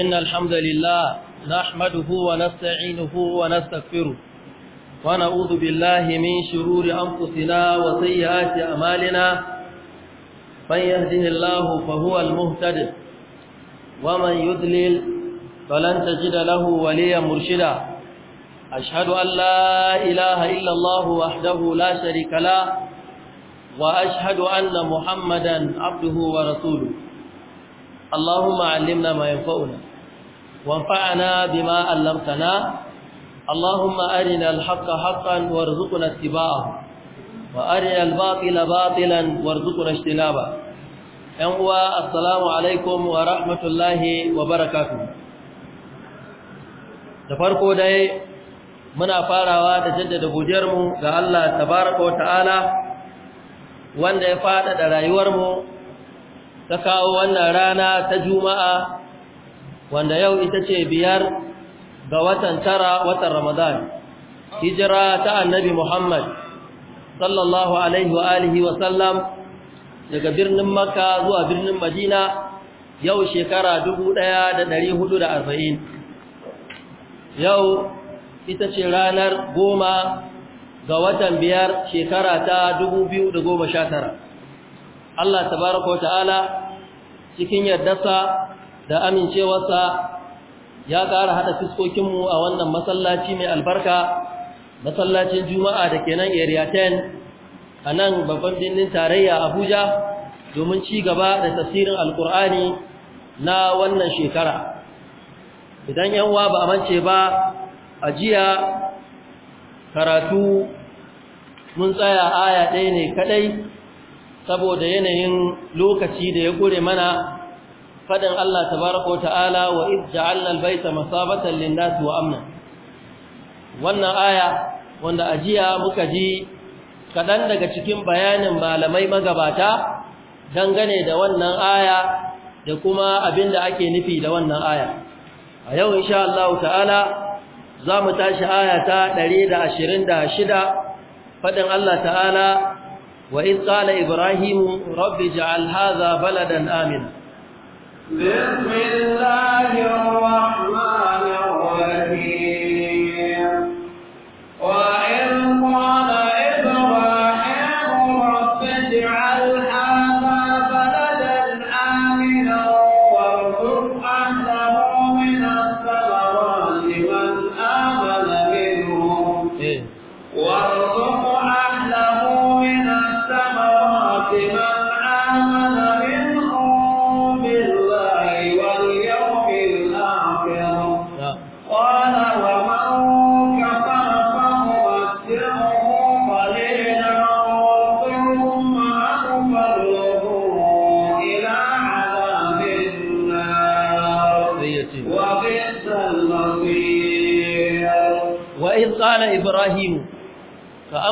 إن الحمد لله نحمده ونستعينه ونستغفره ونعوذ بالله من شرور أنفسنا وسيئات أمالنا من يهده الله فهو المهتد ومن يذلل فلن تجد له وليا مرشدا أشهد أن لا إله إلا الله وحده لا شريك له وأشهد أن محمدا عبده ورسوله اللهم علمنا ما ينفعنا وانفعنا بما علمتنا اللهم أرنا الحق حقا وارزقنا اتباعه وأرنا الباطل باطلا وارزقنا اجتنابه أنوا السلام عليكم ورحمة الله وبركاته da farko dai muna farawa da jaddada godiyarmu ga Allah tabaraka wa ta'ala wanda ya fada da rayuwarmu ta kawo wannan rana ta juma'a wanda yau ita ce biyar ga watan tara watan ramadan hijira ta annabi muhammad sallallahu alaihi wa alihi wa sallam daga birnin makka zuwa birnin madina yau shekara 1440 yau ita ce ranar goma ga watan biyar shekara ta goma 2019 Allah tabaraka ta'ala cikin yardarsa da amincewarsa ya ƙara haɗa fiskokinmu a wannan masallaci mai albarka masallacin juma'a da kenan nan area 10 a nan babban birnin tarayya abuja domin ci gaba da tasirin alkur'ani na wannan shekara idan yanwa ba a mance ba ajiya karatu mun tsaya aya ɗaya ne kaɗai saboda yanayin lokaci da ya ƙure mana faɗin Allah tabaraka ta'ala wa ija ja'alna baita masabatan linda su wa amna wannan aya wanda ajiya muka ji kaɗan daga cikin bayanin malamai magabata dangane da wannan aya da kuma abin da ake nufi da wannan aya a yau insha Allah ta'ala za mu tashi aya da 126 faɗin Allah ta'ala wa in ibrahimu rabbi ja'al hadha baladan amin bismillahir rahmanir rahim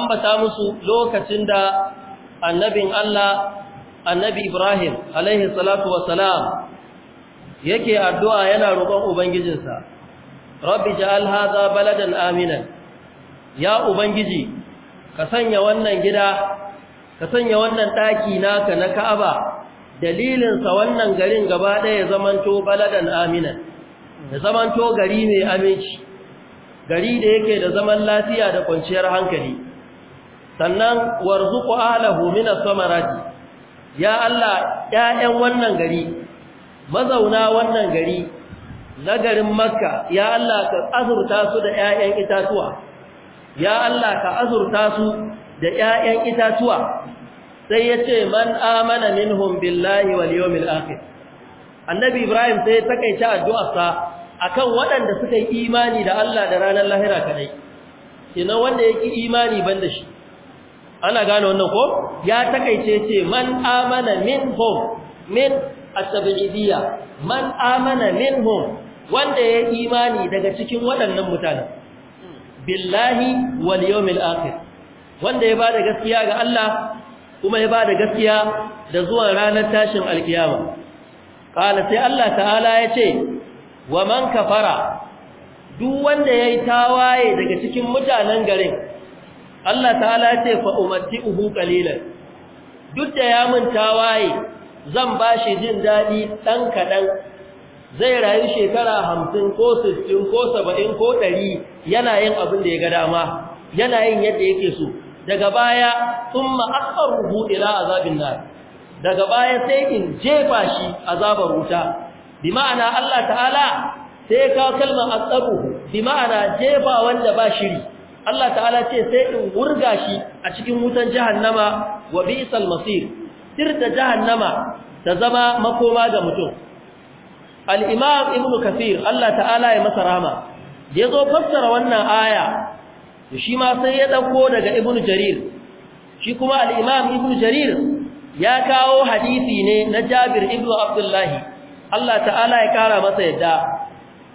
ambata musu lokacin da annabin Allah annabi Ibrahim alaihi salatu salam yake addu'a yana roƙon ubangijinsa rabbi ja'al hadha baladan aminan ya ubangiji ka sanya wannan gida ka sanya wannan daki naka na Ka'aba dalilin sa wannan garin gaba ɗaya zamanto baladan aminan da zamanto gari mai aminci gari da yake da zaman lafiya da kwanciyar hankali sannan warzuku ahlahu min as-samarati ya Allah ƴaƴan wannan gari mazauna wannan gari na garin makka ya Allah ka azurta su da ƴaƴan itatuwa ya Allah ka azurta su da ƴaƴan itatuwa sai yace man amana minhum billahi wal yawmil akhir annabi ibrahim sai ya takeice addu'arsa akan waɗanda suka yi imani da Allah da ranar lahira kadai kina wanda yake imani banda shi ana gane wannan ko ya takaice ce man amana minhum min asabiyya man amana minhum wanda ya imani daga cikin waɗannan mutanen billahi wal yawmil akhir wanda ya bada gaskiya ga Allah kuma ya bada gaskiya da zuwan ranar tashin alkiyama kana sai Allah ta'ala ya ce wa man kafara duk wanda yayi tawaye daga cikin mutanen garin Allah ta'ala ce fa Uhu qalilan duk da ya mun tawaye zan bashi jin dadi dan kadan zai rayu shekara 50 ko 60 ko 70 ko 100 yana yin abin da ya ga dama yana yin yadda yake so daga baya thumma aqarruhu ila azabin nar daga baya sai in jefa shi azabar wuta bi ma'ana Allah ta'ala sai ka kalmar tsaro bi ma'ana jefa wanda ba shiri Allah ta'ala ce sai in wurga shi a cikin wutan jahannama wa bi'sal masir tirda jahannama ta zama makoma ga mutum al-imam ibn kathir Allah ta'ala ya masa rama. Ya zo fassara wannan aya shi ma sai ya dauko daga ibn jarir shi kuma al-imam ibn jarir ya kawo hadisi ne na Jabir ibn Abdullah Allah ta'ala ya kara masa yadda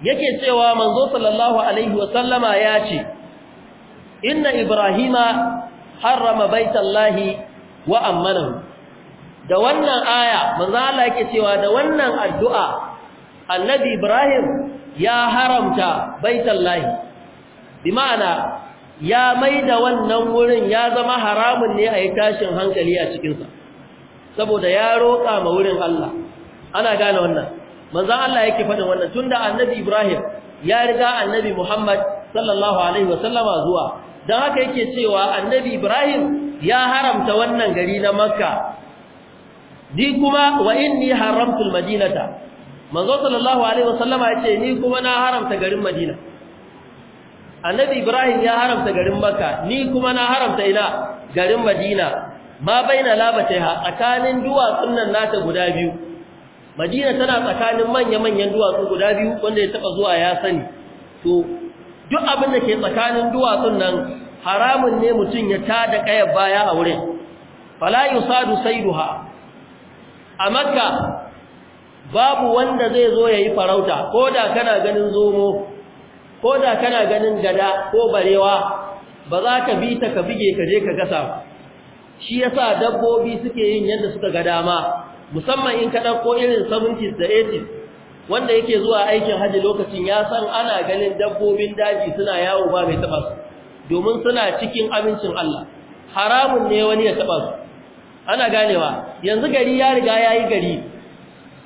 yake cewa manzo sallallahu alaihi wa sallama ya ce inna ibrahima harrama baitallahi wa ammanahu da wannan aya manzo Allah yake cewa da wannan addu'a annabi ibrahim ya haramta baitallahi bi ma'ana ya maida wannan wurin ya zama haramun ne a yi tashin hankali a cikinsa saboda ya roƙa ma wurin Allah ana gane wannan manzon Allah yake faɗin wannan tunda annabi Ibrahim ya riga annabi Muhammad sallallahu alaihi wasallama zuwa don haka yake cewa annabi ibrahim ya haramta wannan gari na makka ni kuma wa inni haramtul madinata manzo sallallahu alaihi wasallama yace ni kuma na haramta garin madina annabi ibrahim ya haramta garin makka ni kuma na haramta ina garin madina ma baina labataiha tsakanin duwatsun nan nata guda biyu madina tana tsakanin manya-manyan duwatsu guda biyu wanda ya taba zuwa ya sani to duk abin da ke tsakanin duwatsun nan haramun ne mutum ya tada kayar baya a wurin fala sai duha. a makka babu wanda zai zo ya yi farauta ko da kana ganin zomo ko koda kana ganin gada ko barewa ba za ka bi ta ka bige ka je ka gasa shi ya sa dabbobi suke yin yadda suka ga dama musamman in kaɗa ko irin 70s da 80s wanda yake zuwa aikin haji lokacin ya san ana ganin dabbobin daji suna yawo ba mai taba su domin suna cikin amincin Allah haramun ne wani ya taba su ana ganewa yanzu gari ya riga yayi gari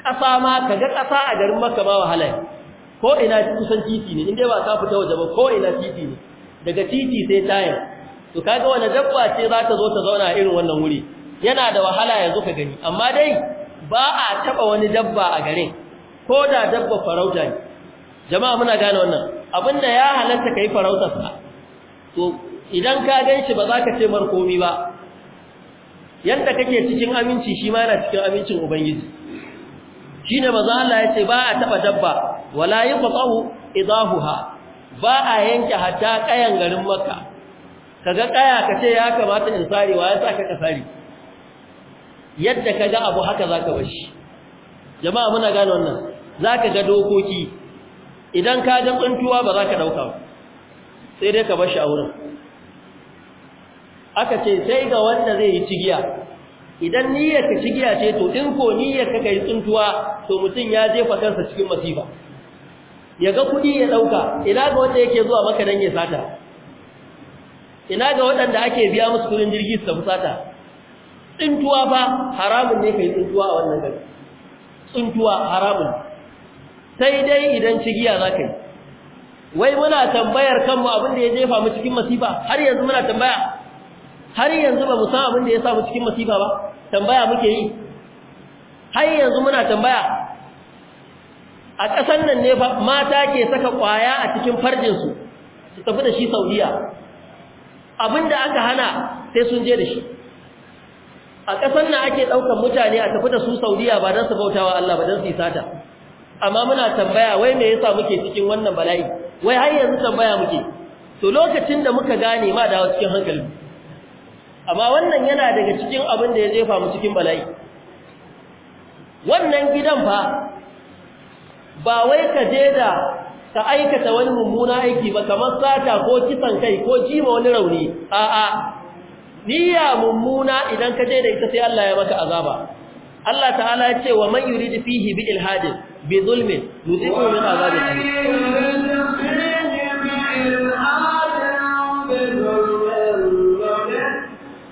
ƙasa ma kaga ƙasa a garin Makka ba wahala ko ina kusan titi ne inda ba ka fita waje ba ko ina titi ne daga titi sai tayar to kaga wani dabba ce za ta zo ta zauna irin wannan wuri yana da wahala yanzu ka gani amma dai ba a taba wani dabba a garin ko da dabba farauta ne jama'a muna gane wannan abinda ya halatta kai farautar sa to idan ka ganshi ba za ka ce mar komi ba yanda kake cikin aminci shi ma yana cikin amincin ubangiji shine manzo Allah ya ce ba a taba dabba wala yaqtahu idahuha ba a yanke hatta kayan garin makka kaga kaya kace ya kamata in sarewa ya saka ka sare yadda kaga abu haka zaka bashi jama'a muna gane wannan Za ka ga dokoki idan ka ji tsuntuwa ba za ka dauka sai dai ka bar shi a wurin aka ce sai ga wanda zai yi cigiya idan niyyar ka cigiya ce to in ko niyyar ka kai tsuntuwa to mutum ya jefa kansa cikin masifa ya ga kudi ya dauka ina ga wanda yake zuwa maka dan ya sata ina ga waɗanda ake biya musu kudin jirgi su tafi sata tsintuwa ba haramun ne kai tsintuwa a wannan gari tsintuwa haramun sai dai idan cigiya za ka yi wai muna tambayar kanmu abin da ya jefa mu cikin masifa har yanzu muna tambaya har yanzu ba mu san abin da ya sa mu cikin masifa ba tambaya muke yi har yanzu muna tambaya a ƙasar nan ne mata ke saka ƙwaya a cikin farjinsu su tafi da shi saudiya abin da aka hana sai sun je da shi a ƙasar nan ake ɗaukar mutane a tafi da su saudiya ba don su bautawa Allah ba don su yi sata amma muna tambaya wai me yasa muke cikin wannan bala'i wai har yanzu tambaya muke to lokacin da muka gane ma dawo cikin hankali amma wannan yana daga cikin abin da ya jefa mu cikin bala'i wannan gidan fa ba wai ka je da ka aikata wani mummuna aiki ba kamar sata ko kisan kai ko jima wani rauni a'a niyya mummuna idan ka je da ita sai Allah ya maka azaba Allah ta'ala ya ce wa man yuridu fihi bi ilhadin bi zulmin nuzibu min azabil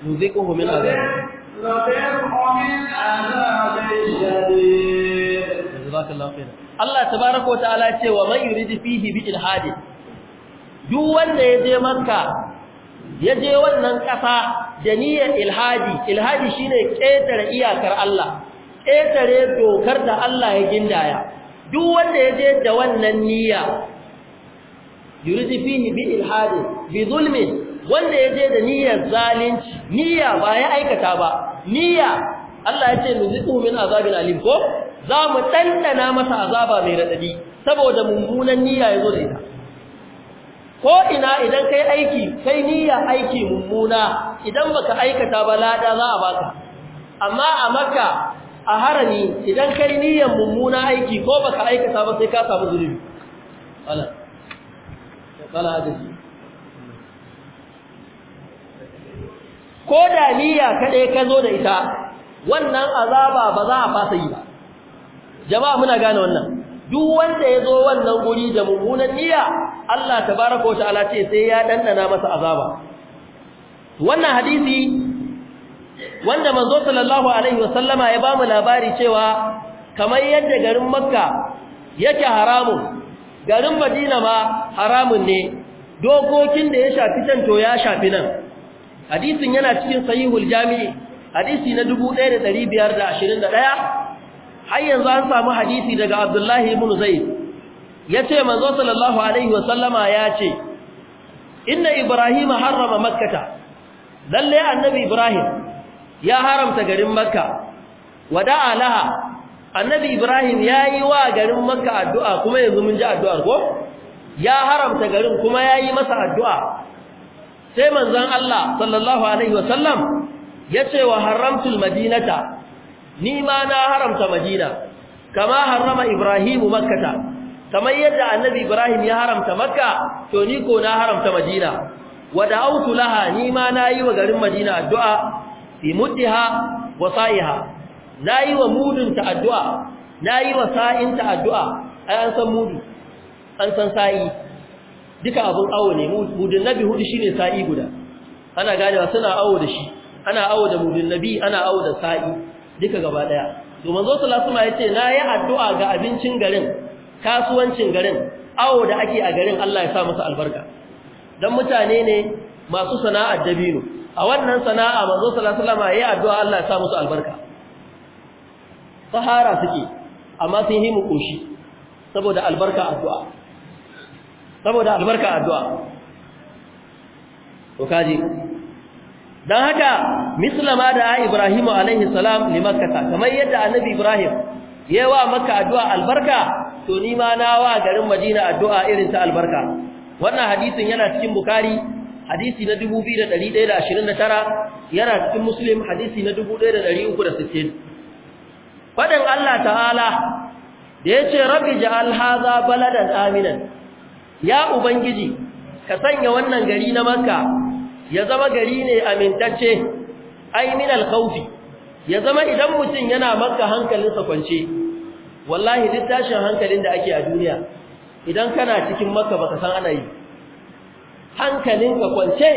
nuziquhu min azab Allah tabaaraka wa ta'ala ya ce wa man yuridu fihi bi ilhadin duk wanda ya je manka. ya je wannan ƙasa da niyyar ilhadi ilhadi shine ƙetare iyakar Allah ƙetare dokar da Allah ya gindaya duk wanda ya je da wannan niyya yuridu fihi bi ilhadi bi zulmi wanda ya je da niyyar zalunci niyya ba ya aikata ba niyya Allah ya ce nuziqu min azabin alim ko za mu masa azaba mai radadi saboda mummunan niyya ya zo da ita ko ina idan kai aiki kai niyyar aiki mummuna idan baka aikata ba lada za a baka amma a makka a harami idan kai niyyar mummuna aiki ko baka aikata ba sai ka samu zulubi wala wala hadisi ko da niyya kadai ka zo da ita wannan azaba ba za a fasa yi ba jama'a muna gane wannan duk wanda ya zo wannan guri da mummunan niyya Allah tabaraka wa ta'ala ce sai ya ɗanɗana masa azaba wannan hadisi wanda manzo sallallahu alaihi wasallama ya bamu labari cewa kamar yadda garin makka yake haramun garin madina ma haramun ne dokokin da ya shafi can to ya shafi nan hadisin yana cikin sahihul jami'i hadisi na 1521 har yanzu an samu hadisi daga abdullahi ibn zaid yace manzo sallallahu alaihi wa sallama yace inna ibrahim harrama makkata lalle annabi ibrahim ya haramta garin makka wada'a laha annabi ibrahim yayi wa garin makka addu'a kuma yanzu mun ji addu'ar ko ya haramta garin kuma yayi masa addu'a sai manzon Allah sallallahu alaihi wa sallam yace wa haramtul madinata ni ma na haramta madina kama harrama ibrahimu makkata kamar yadda annabi ibrahim ya haramta makka to ni ko na haramta madina wada autu laha ni ma nayi wa garin madina addu'a fi muddiha wa sa'iha nayi wa mudun ta addu'a nayi wa sa'in ta addu'a ai an san mudu an san sa'i duka abun awo ne mudun nabi hudu shine sa'i guda ana ganewa suna awo da shi ana awo da mudun nabi ana awo da sa'i duka gaba daya to manzo sallallahu alaihi wasallam yace nayi addu'a ga abincin garin kasuwancin garin awo da ake a garin Allah ya sa musu albarka dan mutane ne masu sana'ar dabino a wannan sana'a manzo sallallahu alaihi wasallam yayi addu'a Allah ya sa musu albarka sahara suke amma sun yi mu koshi saboda albarka addu'a saboda albarka addu'a to kaji dan haka mislama da Ibrahim alaihi salam limakkata kamar yadda annabi Ibrahim yayi wa makka addu'a albarka to ni ma na wa garin Madina addu'a irin ta albarka wannan hadisin yana cikin Bukhari hadisi na 2129 yana cikin Muslim hadisi na 1360 fadan Allah ta'ala da yace rabbi ja'al hadha baladan aminan ya ubangiji ka sanya wannan gari na Makka ya zama gari ne amintacce ay min al-khawfi ya zama idan mutum yana Makka hankalinsa kwance wallahi duk tashin hankalin da ake a duniya idan kana cikin makka baka san ana yi hankalinka kwance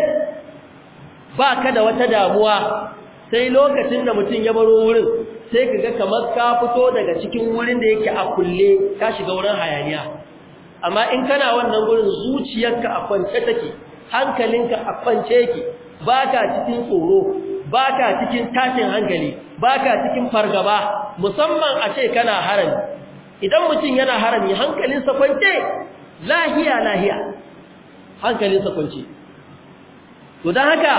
ba ka da wata damuwa sai lokacin da mutum ya baro wurin sai ka ga kamar ka fito daga cikin wurin da yake a kulle ka shiga wurin hayaniya amma in kana wannan wurin zuciyarka a kwance take hankalinka a kwance yake ba ka cikin tsoro ba ka cikin tashin hankali ba ka cikin fargaba musamman a ce kana harami idan mutum yana harami hankalinsa kwance lahiya lahiya hankalinsa kwance to don haka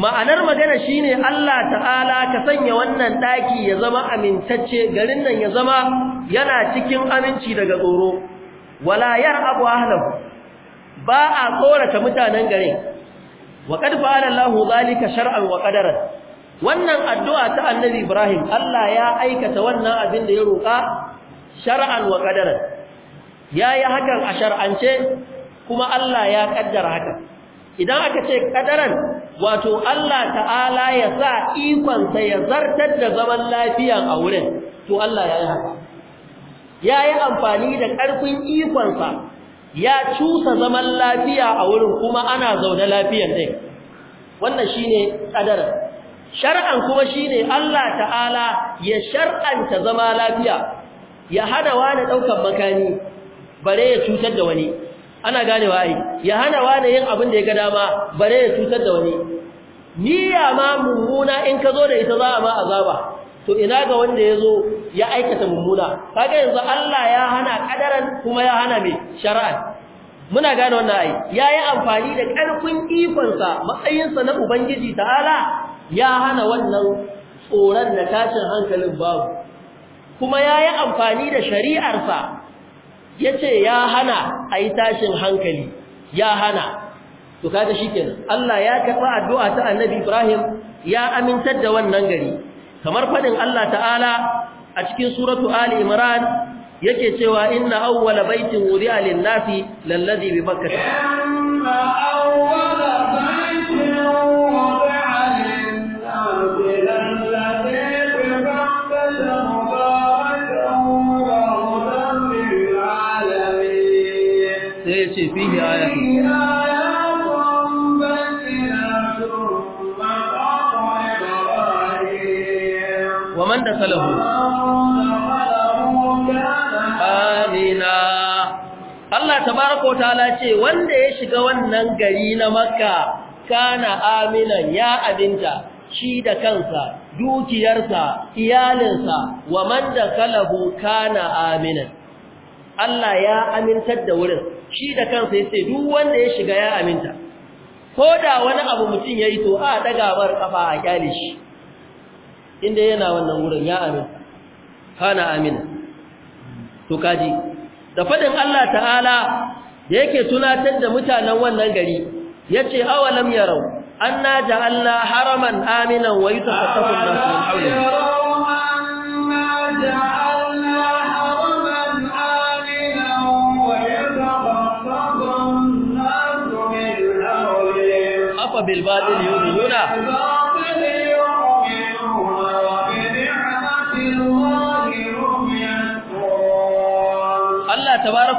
ma'anar magana shine Allah ta'ala ka sanya wannan daki ya zama amintacce garin nan ya zama yana cikin aminci daga tsoro wala Abu ahlam ba a tsorata mutanen garin Waƙar qad fa'ala Allahu zalika shar'an wannan addu'a ta annabi Ibrahim Allah ya aikata wannan abin da ya roƙa shar'an wa qadaran yayi hakan a shar'ance kuma Allah ya kaddara hakan idan aka ce kadaran wato Allah ta'ala ya sa ikon sa ya zartar da zaman lafiya a wurin to Allah ya yi haka yayi amfani da ƙarfin ikon sa ya cusa zaman lafiya a wurin kuma ana zaune lafiyar din wannan shine kadar shar'an kuma shine Allah ta'ala ya shar'anta zama lafiya ya wa wani daukan makani bare ya cutar da wani ana ganewa ai ya hana wani yin abin da ya ga dama bare ya cutar da wani niyya ma mummuna in ka zo da ita za a ma azaba to ina ga wanda ya zo ya aikata mummuna kaga yanzu Allah ya hana kadaran kuma ya hana me shari'a. muna gane wannan ai yayi amfani da karfin ikonsa matsayinsa na ubangiji ta'ala ya hana wannan tsoron da tashin hankalin babu kuma yayi amfani da shari'arsa yace ya hana ai tashin hankali ya hana to kaga shikenan Allah ya karba addu'a ta Annabi Ibrahim ya amintar da wannan gari kamar fadin Allah ta'ala a cikin suratu ali imran yake cewa inna awwala baitin wudi'a lin-nasi lallazi bi bakkah inna awwala Allah tabaraka wa ta'ala ce wanda ya shiga wannan gari na Makka kana aminan ya abinta shi da kansa dukiyarsa iyalinsa wa man dakalahu kana aminan Allah ya amintar da wurin shi da kansa yace duk wanda ya shiga ya aminta ko da wani abu mutum yayi to a daga bar kafa a kyale shi inda yana wannan wurin ya aminta kana amina to kaji da fadin Allah ta'ala da yake tunatar da mutanen wannan gari yace awalam yarau anna ja'alna haraman aminan wa yutafattafu an-nas min hawlihi بالباطل يؤمنون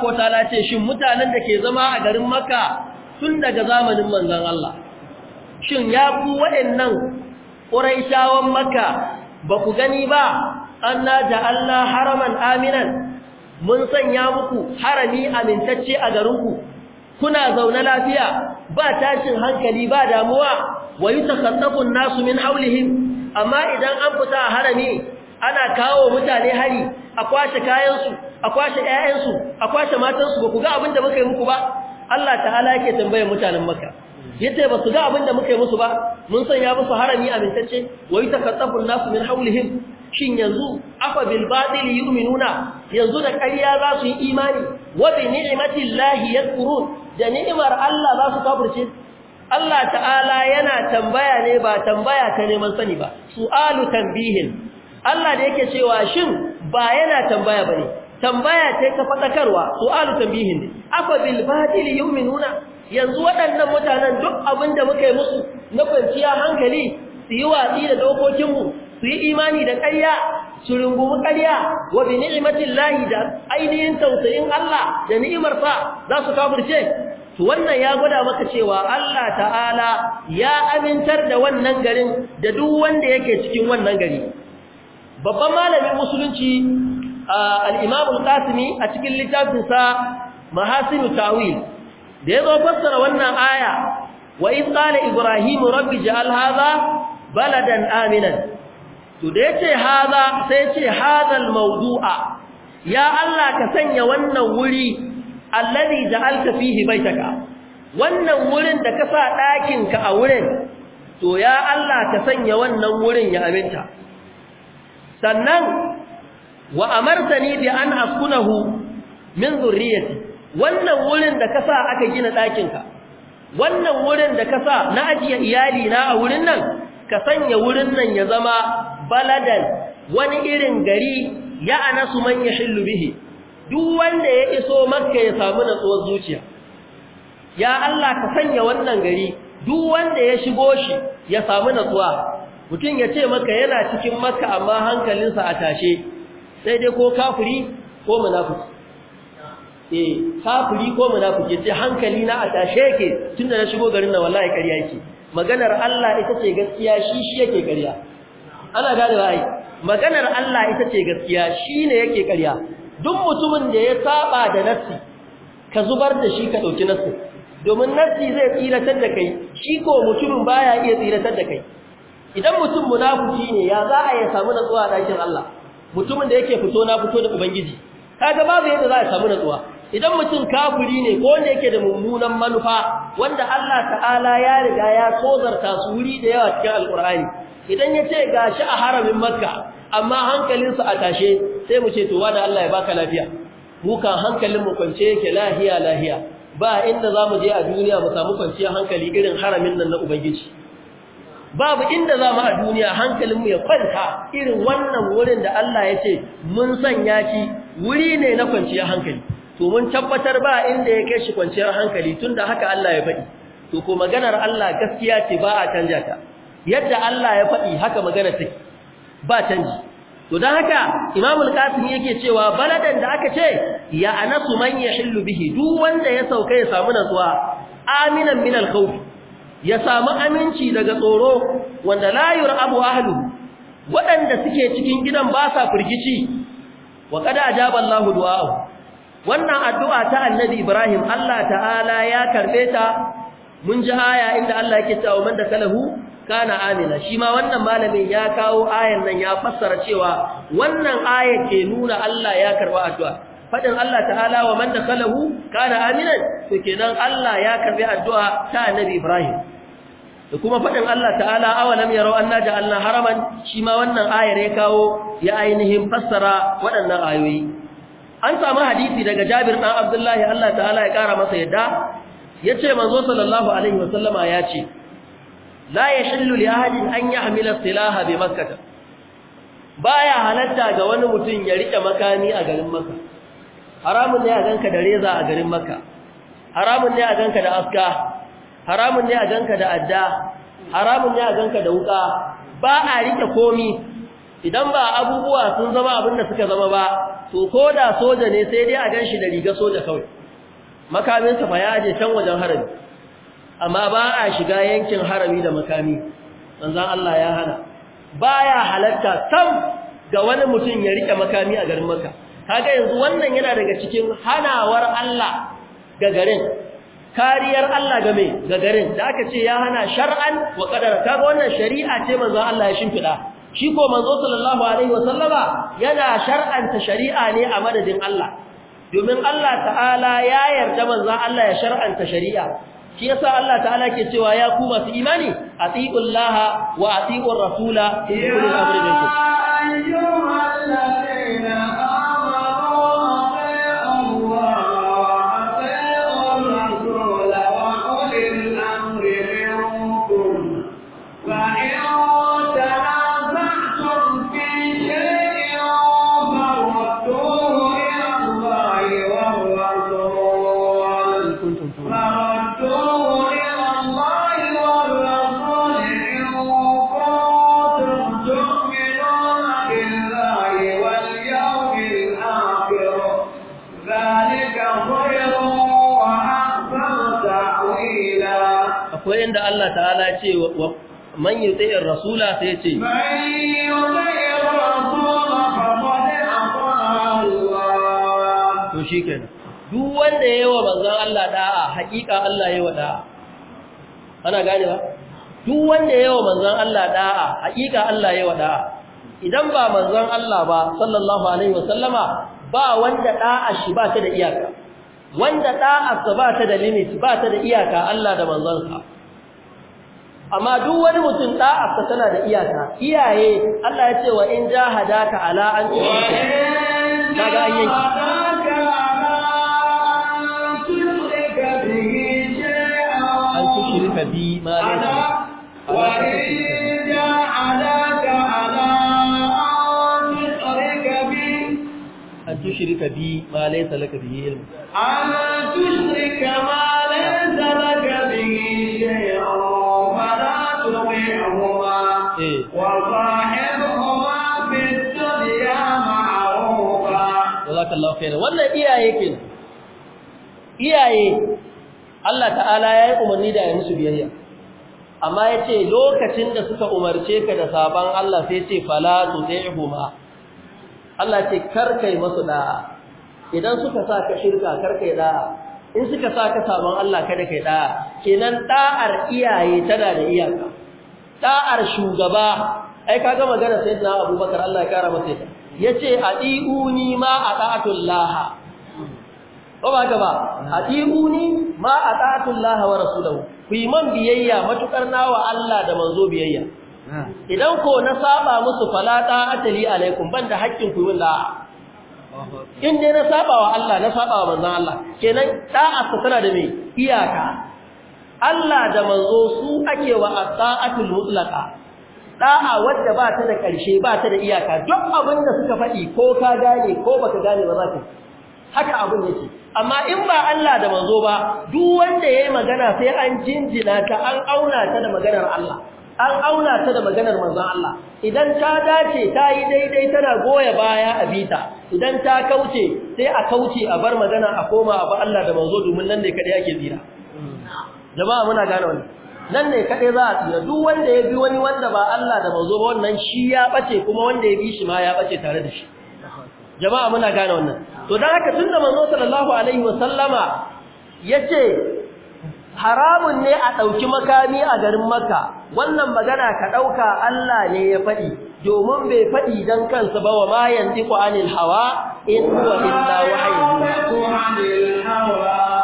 tabaraka wa ce shin mutanen da ke zama a garin Makka tun daga zamanin manzon Allah shin ya ku waɗannan Quraishawan Makka ba ku gani ba anna ja'alna haraman aminan mun sanya muku harami amintacce a garin ku kuna zaune lafiya ba tashin hankali ba damuwa Wayu yutakhatafu nasu min hawlihim amma idan an fita harami ana kawo mutane hari a kwashe kayansu a kwashe ƴaƴansu a kwashe matansu ba ku ga abin da muka yi muku ba Allah ta'ala yake tambayar mutanen maka. yace ba su ga abin da muka yi musu ba mun sanya musu harami amintacce wai ta an-nasu min haulihin? shin yanzu afa bil batil yu'minuna yanzu da ƙarya za su yi imani wa bi ni'mati llahi yakfurun da ni'imar Allah za su kafirce Allah ta'ala yana tambaya ne ba tambaya ta neman sani ba su'alu tambihin. Allah da yake cewa shin ba yana tambaya ba ne? tambaya ce ta fadakarwa su'alu tambihin ne afa bil batil yu'minuna yanzu waɗannan mutanen duk abinda muka yi musu na kwanciya hankali su yi watsi da dokokinmu su yi imani da ƙarya su rungumi ƙarya wa bi ni'matillahi da ainihin tausayin Allah da ni'imar fa za su kafirce to wannan ya gwada maka cewa Allah ta'ala ya amintar da wannan garin da duk wanda yake cikin wannan gari babban malamin musulunci A imam al a cikin littafinsa Mahasinu Tawil da ya zo fassara wannan aya wa in qala Ibrahim rabbi ja'al Alhaza baladan aminan to da yace haza sai ce hadha maudu'a. ya Allah ka sanya wannan wuri alladhi ja'alta fihi baitaka wannan wurin da ka sa ɗakinka a wurin to ya Allah ka sanya wannan wurin ya aminta sannan wa amartani bi an askunahu min zurriyati wannan wurin da kasa aka gina ɗakin ka wannan wurin da kasa na ajiye iyali na a wurin nan ka sanya wurin nan ya zama baladan wani irin gari ya anasu man yashillu bihi duk wanda ya iso makka ya samu natsuwar zuciya ya Allah ka sanya wannan gari duk wanda ya shigo shi ya samu natsuwa mutum ya ce maka yana cikin makka amma hankalinsa a tashe sai dai ko kafiri ko munafiki eh kafiri ko munafiki sai hankali na a tashe yake tunda na shigo garin nan wallahi ƙarya yake maganar Allah ita ce gaskiya shi shi yake ƙarya ana gane ba ai maganar Allah ita ce gaskiya shi ne yake ƙarya duk mutumin da ya saba da nassi ka zubar da shi ka dauki nassi domin nassi zai tsiratar da kai shi ko mutumin baya iya tsiratar da kai idan mutum munafiki ne ya za a yi samu natsuwa a dakin Allah mutumin da yake fito na fito da ubangiji kaga babu yadda za a samu natsuwa idan mutum kafiri ne ko wanda yake da mummunan manufa wanda Allah ta'ala ya riga ya sozarta su wuri da yawa cikin alkur'ani idan yace ce gashi a haramin makka amma hankalinsa a tashe sai mu ce to wanda Allah ya baka lafiya mu kan hankalin mu kwance yake lahiya lahiya ba inda zamu je a duniya mu samu kwanciyar hankali irin haramin nan na ubangiji babu inda za mu a duniya hankalinmu ya kwanta irin wannan wurin da Allah ya ce mun sanya shi wuri ne na kwanciyar hankali to mun tabbatar ba inda ya kai shi kwanciyar hankali tunda haka Allah ya faɗi to ko maganar Allah gaskiya ce ba a canja ta yadda Allah ya faɗi haka magana take ba canji to dan haka Imam al-Qasim yake cewa baladan da aka ce ya anasu man yahillu bihi duk wanda ya sauka ya samu natsuwa aminan min al-khawf ya samu aminci daga tsoro wanda la yurabu ahlu waɗanda suke cikin gidan ba sa firgici wa qad ajaba Allahu du'a'u wannan addu'a ta annabi Ibrahim Allah ta'ala ya karbe ta mun ji aya inda Allah yake cewa man da kalahu kana amina shi ma wannan malamin ya kawo ayan nan ya fassara cewa wannan aya ke nuna Allah ya karba addu'a fadin Allah ta'ala wa man da kalahu kana aminan to kenan Allah ya karbi addu'a ta annabi Ibrahim da kuma faɗin Allah ta'ala awalam yarau anna Allah haraman shi ma wannan ayar ya kawo ya ainihin fassara waɗannan ayoyi an samu hadisi daga Jabir ɗan Abdullahi Allah ta'ala ya ƙara masa yadda yace manzo sallallahu alaihi wasallama ya ce la yashillu li ahadin an yahmila silaha bi makkah baya halatta ga wani mutum ya rike makami a garin makka haramun ne a ganka da reza a garin makka haramun ne a ganka da aska haramun ne a ganka da adda haramun ne a ganka da wuka ba a rike komi idan ba abubuwa sun zama abin da suka zama ba to ko da soja ne sai dai a ganshi da riga soja kawai makamin fa ya can wajen harami amma ba a shiga yankin harami da makami manzon Allah ya hana baya halatta sam ga wani mutum ya rike makami a garin Makka kaga yanzu wannan yana daga cikin hanawar Allah ga garin kariyar Allah ga mai ga garin da aka ce ya hana shar'an wa qadara kaga wannan shari'a ce manzo Allah ya shimfida shi ko manzo sallallahu alaihi wasallama yana shar'anta shari'a ne a madadin Allah domin Allah ta'ala ya yarda manzo Allah ya shar'anta shari'a shi yasa Allah ta'ala ke cewa ya ku masu imani atiullaha wa atiur rasula in kuntum ayyuhal ce wa man yuti rasula sai ce man yuti rasula faqad Allah to shikenan duk wanda ya yi wa manzon Allah da'a hakika Allah yayi wa da'a ana gane ba duk wanda yayi wa manzon Allah da'a haƙiƙa Allah yayi wa da'a idan ba manzon Allah ba sallallahu alaihi wasallama ba wanda da'a shi ba ta da iyaka wanda da'a ba ta da limit ba ta da iyaka Allah da manzon sa amma duk wani mutum da'arsa tana da iyaka iyaye Allah ya ce wa in jahadaka ala an tushika daga yanki an tushika bi ma laysa أن تشرك بي ما jazakallahu khairan wannan iyaye kenan iyaye Allah ta'ala ya yi umarni da ya musu biyayya amma ya ce lokacin da suka umarce ka da sabon Allah sai ce fala tuti'huma Allah ce karkai masu da'a idan suka sa ka shirka karkai da'a in suka sa ka sabon Allah kada kai da'a kenan da'ar iyaye tana da iyaka da'ar shugaba ai kaga magana sayyidina Abubakar Allah ya kara masa ita Ya ce a adiuni ma a ata'atullah laha. ba ka a adiuni ma a laha wa rasuluhu ku yi man biyayya matukar nawa Allah da manzo biyayya idan ko na saba musu falata atali ban da haƙƙin ku yi la'a. in dai na saba wa Allah na saba wa manzon Allah kenan ɗa'asta tana da mai iyaka Allah da manzo su ake wa a ata'atul mutlaqa da'a wadda ba ta da ƙarshe ba ta da iyaka duk abin da suka faɗi ko ka gane ko baka gane ba za ka haka abin yake amma in ba Allah da manzo ba duk wanda yayi magana sai an jinjina ta an auna ta da maganar Allah an auna ta da maganar manzon Allah idan ta dace ta yi daidai tana goya baya a bita idan ta kauce sai a kauce a bar magana a koma abu Allah da manzo domin nan ne kada yake zira jama'a muna gane wannan nan ne kaɗai za a tsira duk wanda ya bi wani wanda ba Allah da mazo ba wannan shi ya ɓace kuma wanda ya bi shi ma ya ɓace tare da shi jama'a muna gane wannan to dan haka tunda manzo sallallahu alaihi wa sallama yace haramun ne a ɗauki makami a garin Makka wannan magana ka ɗauka Allah ne ya faɗi domin bai faɗi don kansa ba wa mayan tiku anil hawa in huwa illa wahayi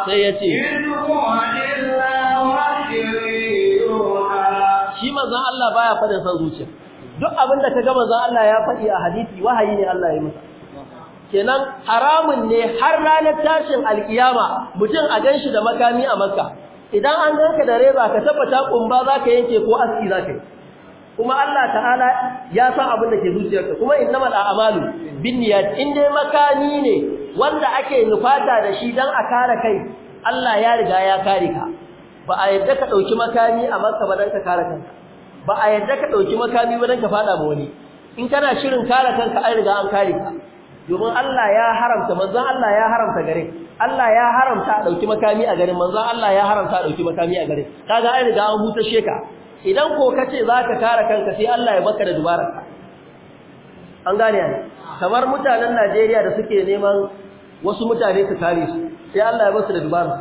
sai ya ce shi manzon Allah baya fadin san zuciya duk abin da kaga manzon Allah ya faɗi a hadisi wahayi ne Allah ya masa kenan haramun ne har ranar tashin alkiyama mutum a ganshi da makami a makka idan an ganka da reza ka tabbata kumba zaka yanke ko aski zaka yi kuma Allah ta'ala ya san abin da ke zuciyarka kuma innamal a'malu binniyat in dai makami ne wanda ake nufata da shi dan a kare kai Allah ya riga ya kare ka ba a yadda ka dauki makami a maka ba dan ka kare kanka ba a yadda ka dauki makami ba dan ka fada ba wani in kana shirin kare kanka an riga an kare ka domin Allah ya haramta manzon Allah ya haramta gare Allah ya haramta a dauki makami a garin manzon Allah ya haramta a dauki makami a garin kaga an riga an huta sheka idan ko kace zaka kare kanka sai Allah ya baka da ka an gane ne kamar mutanen Najeriya da suke neman wasu mutane su kare su sai Allah ya basu da dubara.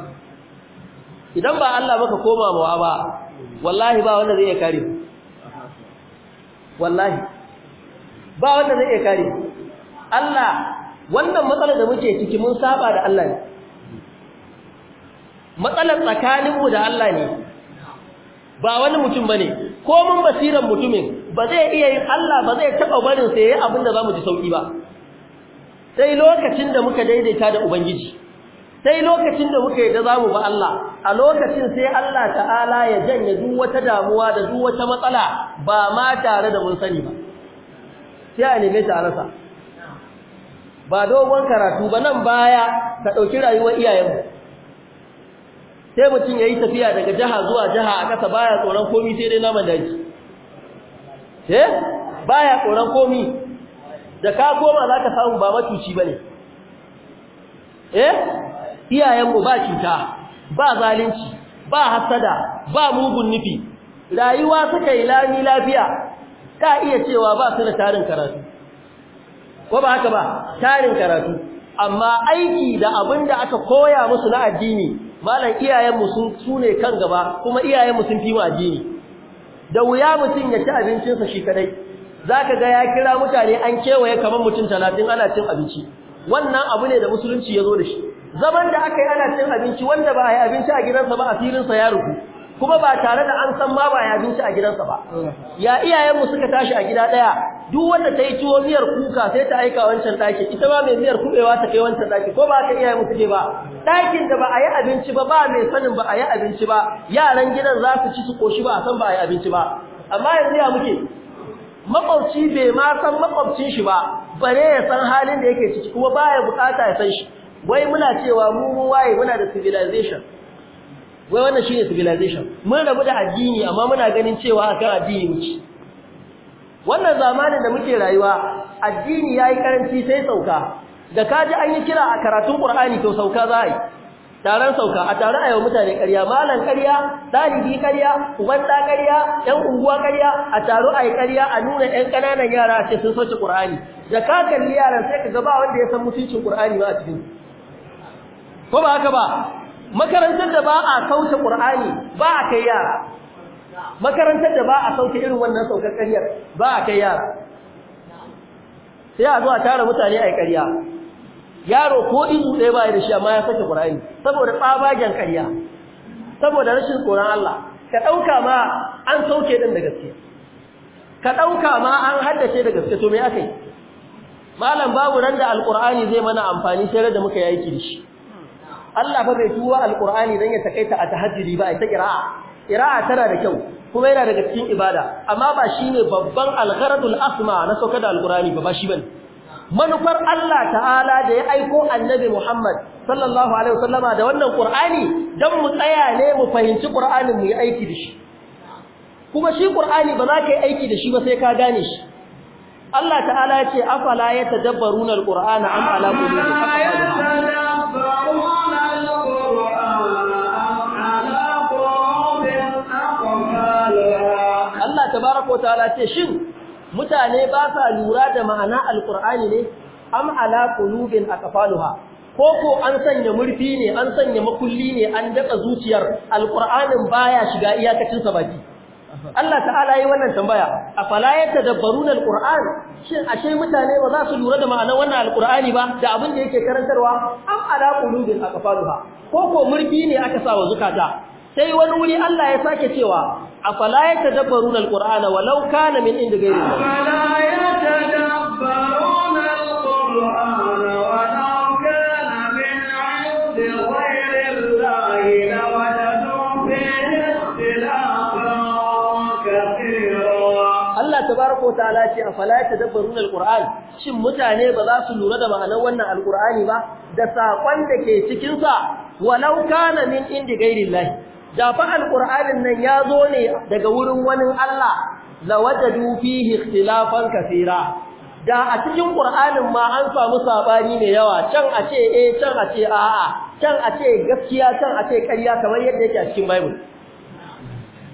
idan ba Allah baka koma mawa ba wallahi ba wanda zai iya kare ku wallahi ba wanda zai iya kare Allah wannan matsalar da muke ciki mun saba da Allah ne matsalar tsakaninmu da Allah ne ba wani mutum bane ko mun basiran mutumin ba zai iya yin Allah ba zai taba barin sa yayi abinda da zamu ji sauki ba sai lokacin da muka daidaita da ubangiji sai lokacin da muka yadda zamu ba Allah a lokacin sai Allah ta'ala ya janye duk wata damuwa da duk wata matsala ba ma tare da mun sani ba sai a nemi ta rasa ba dogon karatu ba nan baya ka dauki rayuwar iyayenmu sai mutum yayi tafiya daga jaha zuwa jaha a kasa baya tsoron komai sai dai naman daji eh baya tsoron komai da ka koma zaka samu ba matuci bane eh iyayenmu ba cuta ba zalunci ba hasada ba mugun nufi rayuwa suka yi lami lafiya ka iya cewa ba su da tarin karatu ko ba haka ba tarin karatu amma aiki da abin da aka koya musu na addini malam iyayenmu sun sune kan gaba kuma iyayenmu sun fi mu addini da wuya mutum ya ci abincinsa shi kadai zaka ga ya kira mutane an kewaye kamar mutum talatin ana cin abinci wannan abu ne da musulunci ya zo da shi zaman da aka yi ana cin abinci wanda ba a yi abinci a gidansa ba a filinsa ya rufu kuma ba tare da an san ma ba ya abinci a gidansa ba ya iyayenmu suka tashi a gida ɗaya duk wanda ta yi tuwo miyar kuka sai ta aika wancan ɗaki ita ma mai miyar kuɓewa ta kai wancan ɗaki ko ba ka iyayenmu suke ba ɗakin da ba a yi abinci ba ba mai sanin ba a yi abinci ba yaran gidan za su ci su ƙoshi ba a san ba a yi abinci ba amma yanzu ya muke makwabci bai ma san makwabcin shi ba bare ya san halin da yake ciki kuma baya bukata ya san shi wai muna cewa mu mu waye muna da civilization wai wannan shine civilization mun rabu da addini amma muna ganin cewa akan addini muke wannan zamanin da muke rayuwa addini yayi karanci sai sauka da kaji an yi kira a karatun Qur'ani to sauka za yi taron sauka a taron ayo mutane ƙarya malam ƙarya dalibi ƙarya uban da ƙarya ɗan unguwa ƙarya a taro ayi ƙarya a nuna 'yan kananan yara a ce sun soci Qur'ani da ka kalli yaran sai ka ga ba wanda ya san mutuncin Qur'ani ba a cikin ko ba haka ba makarantar da ba a sauke qur'ani ba a kai yara makarantar da ba a sauke irin wannan saukar ƙaryar ba a kai yara sai a zo a tara mutane a yi ƙarya yaro ko izu ɗaya ba da shi amma ya sauke ƙur'ani saboda tsabagen ƙarya saboda rashin tsoron Allah ka ɗauka ma an sauke ɗin da gaske ka ɗauka ma an haddace da gaske to me aka yi malam babu nan da alƙur'ani zai mana amfani sai da muka yi aiki da shi Allah ba bai tuwa alqur'ani dan ya takaita a tahajjudi ba ta qira'a qira'a tana da kyau kuma yana daga cikin ibada amma ba shine babban algharadul asma na sauka da alqur'ani ba ba shi bane manufar Allah ta'ala da ya aiko annabi Muhammad sallallahu alaihi wasallama da wannan qur'ani dan mu tsaya ne mu fahimci qur'anin mu yi aiki da shi kuma shi qur'ani ba za ka yi aiki da shi ba sai ka gane shi Allah ta'ala ce afala ya tadabbaruna alqur'ana am ala qulubin tabaraka ta'ala ce shin mutane ba sa lura da ma'ana alqur'ani ne am ala qulubin aqfaluha ko an sanya murfi ne an sanya makulli ne an daka zuciyar alqur'anin baya shiga iyakacin sa baki Allah ta'ala yi wannan tambaya afala yatadabbaruna alqur'an shin ashe mutane ba za su lura da ma'anar wannan alqur'ani ba da abin da yake karantarwa am ala qulubin aqfaluha ko murfi ne aka sa wa zukata sai wani wuri Allah ya sake cewa afala yatadabbaruna alqur'ana walau kana min inda ghayri Allah afala yatadabbaruna alqur'ana walau kana min inda ghayri Allah lawajadu fihi ikhtilafan kathira Allah tabaraka wa ta'ala ce afala yatadabbaruna alqur'an shin mutane ba za su lura da ma'anar wannan alkur'ani ba da sakon da ke cikin sa walau kana min inda gairin Allah da fa nan ya zo ne daga wurin wani Allah lawajadu fihi ikhtilafan kaseera da a cikin qur'anin ma an samu sabani ne yawa can a ce eh can a ce a'a can a ce gaskiya can a ce ƙarya kamar yadda yake a cikin bible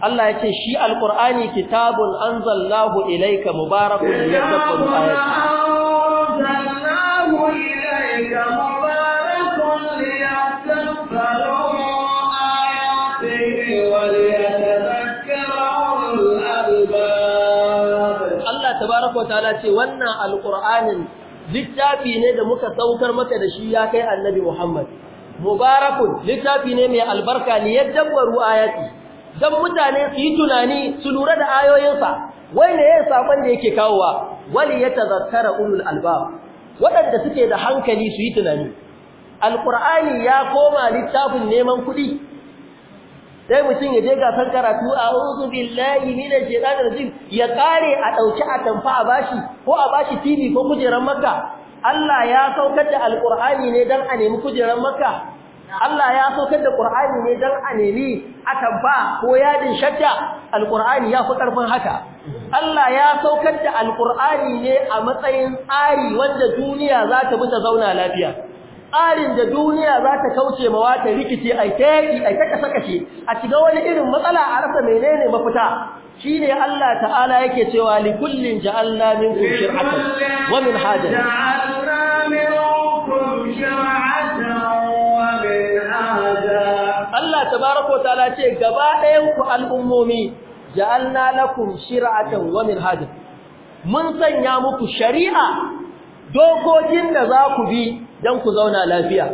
Allah ya ce shi alqur'ani kitabun anzalallahu ilayka mubarakun liyadabbaru ayatihi anzalnahu subhanahu ce wannan alqur'anin littafi ne da muka saukar maka da shi ya kai annabi Muhammad mubarakun littafi ne mai albarka ne yadabbaru ayati dan mutane su yi tunani su lura da ayoyinsa wai ne yi saƙon da yake kawowa ya yatadhakkara ulul albab Waɗanda suke da hankali su yi tunani Alƙur'ani ya koma littafin neman kuɗi sai mutum ya je gasar karatu a uzu billahi minash shaitanir rajim ya kare a dauki a tamfa a bashi ko a bashi TV ko kujeran makka Allah ya saukar da alqur'ani ne dan a nemi kujeran makka Allah ya saukar da qur'ani ne dan a nemi a tamfa ko yadin shadda alqur'ani ya fi karfin haka Allah ya saukar da alqur'ani ne a matsayin tsari wanda duniya za ta bi ta zauna lafiya tsarin da duniya za ta kauce mawa ta rikice a taƙi a ta kashe a shiga wani irin matsala a rasa menene mafita shi ne Allah ta'ala yake cewa li kullin Allah minkum shir'atan wa min hajan Allah tabaraka ta'ala ce gaba ɗayan ku al'ummomi ja'alna lakum shir'atan wa wamin hajan mun sanya muku shari'a dokokin da za ku bi dan ku zauna lafiya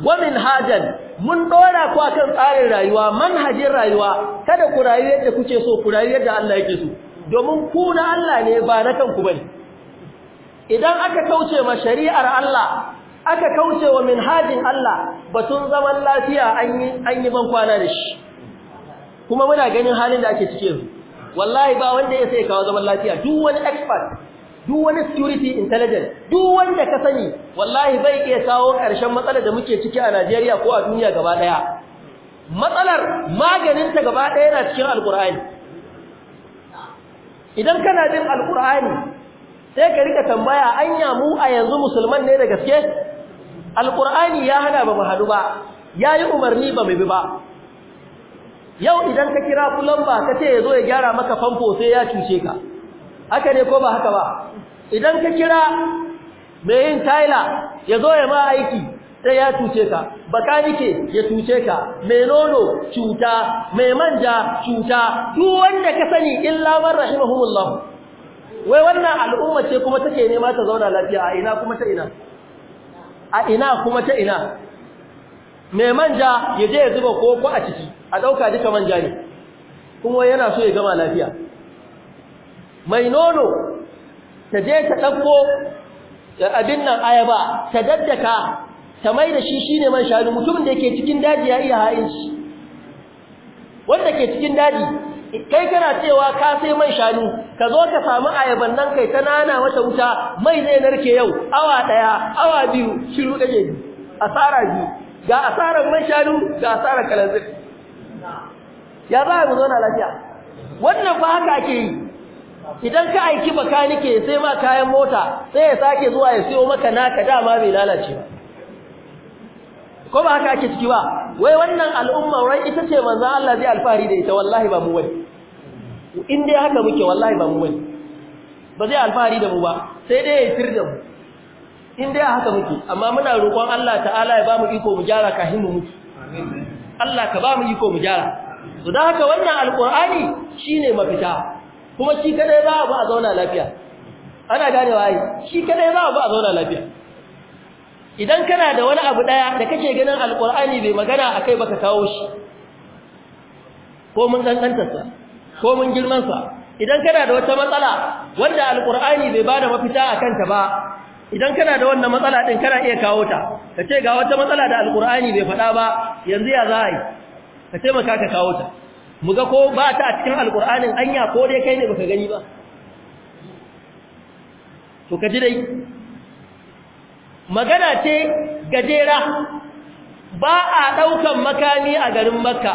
wa hajan mun dora ku akan tsarin rayuwa manhajin rayuwa kada ku rayu yadda kuke so ku rayu yadda Allah yake so domin ku na Allah ne ba na kanku bane idan aka kauce ma shari'ar Allah aka kauce wa minhajin Allah batun zaman lafiya an yi an yi ban kwana da shi kuma muna ganin halin da ake cike wallahi ba wanda ya sai kawo zaman lafiya duk wani expert duk wani security intelligence duk wanda ka sani wallahi zai iya kawo ƙarshen matsalar da muke ciki a Najeriya ko a duniya gaba daya matsalar maganinta gaba ɗaya yana cikin alkur'ani idan kana bin alkur'ani sai ka rika tambaya anya mu a yanzu musulman ne da gaske alkur'ani ya hana ba mu hadu ba yi umarni ba mu bi ba yau idan ka kira ba ka ce yazo ya gyara maka famfo sai ya cuce ka haka ne ko ba haka ba idan ka kira mai yin taila ya zo ya ma aiki sai ya tuce ka baka nike ya tuce ka mai nono cuta mai manja cuta duk wanda ka sani illa man rahimahumullah wai wannan al'umma ce kuma take nema ta zauna lafiya a ina kuma ta ina a ina kuma ta ina mai manja ya je ya zuba koko a ciki a dauka duka manja ne kuma yana so ya gama lafiya mai nono ta je ta ɗauko abin nan ayaba ta daddaka ta mai da shi ne man shanu mutumin da ke cikin daji ya iya ha'inci wanda ke cikin daji kai kana cewa ka sai man shanu ka zo ka samu ayaban nan kai ta nana wata wuta mai zai narke yau awa ɗaya awa biyu shiru ɗage asara biyu ga asarar man shanu ga asarar kalanzir ya za a mu zauna lafiya wannan ba haka ake yi idan ka aiki makanike sai ma kayan mota sai ya sake zuwa ya siyo maka naka dama bai lalace ba ko ba haka ake ciki ba wai wannan al'umma wai ita ce manzo Allah zai alfahari da ita wallahi ba mu wani in dai haka muke wallahi ba mu wani ba zai alfahari da mu ba sai dai ya fir da mu in dai haka muke amma muna roƙon Allah ta'ala ya ba mu iko mu gyara kafin mu mutu Allah ka ba mu iko mu gyara to dan haka wannan alqur'ani shine mafita kuma shi kadai za a ba a zauna lafiya ana gane waye shi kadai za a ba a zauna lafiya idan kana da wani abu daya da kake ganin alqur'ani bai magana akai baka kawo shi ko mun kankanta sa ko mun girman sa idan kana da wata matsala wanda alqur'ani bai bada mafita akan ta ba idan kana da wannan matsala din kana iya kawo ta kace ga wata matsala da alqur'ani bai faɗa ba yanzu ya za a yi ka taimaka ka kawo ta mu ga ko ba ta a cikin alkur'anin anya ko dai kai ne baka gani ba to kaji dai magana ce gajera ba a daukan makami a garin makka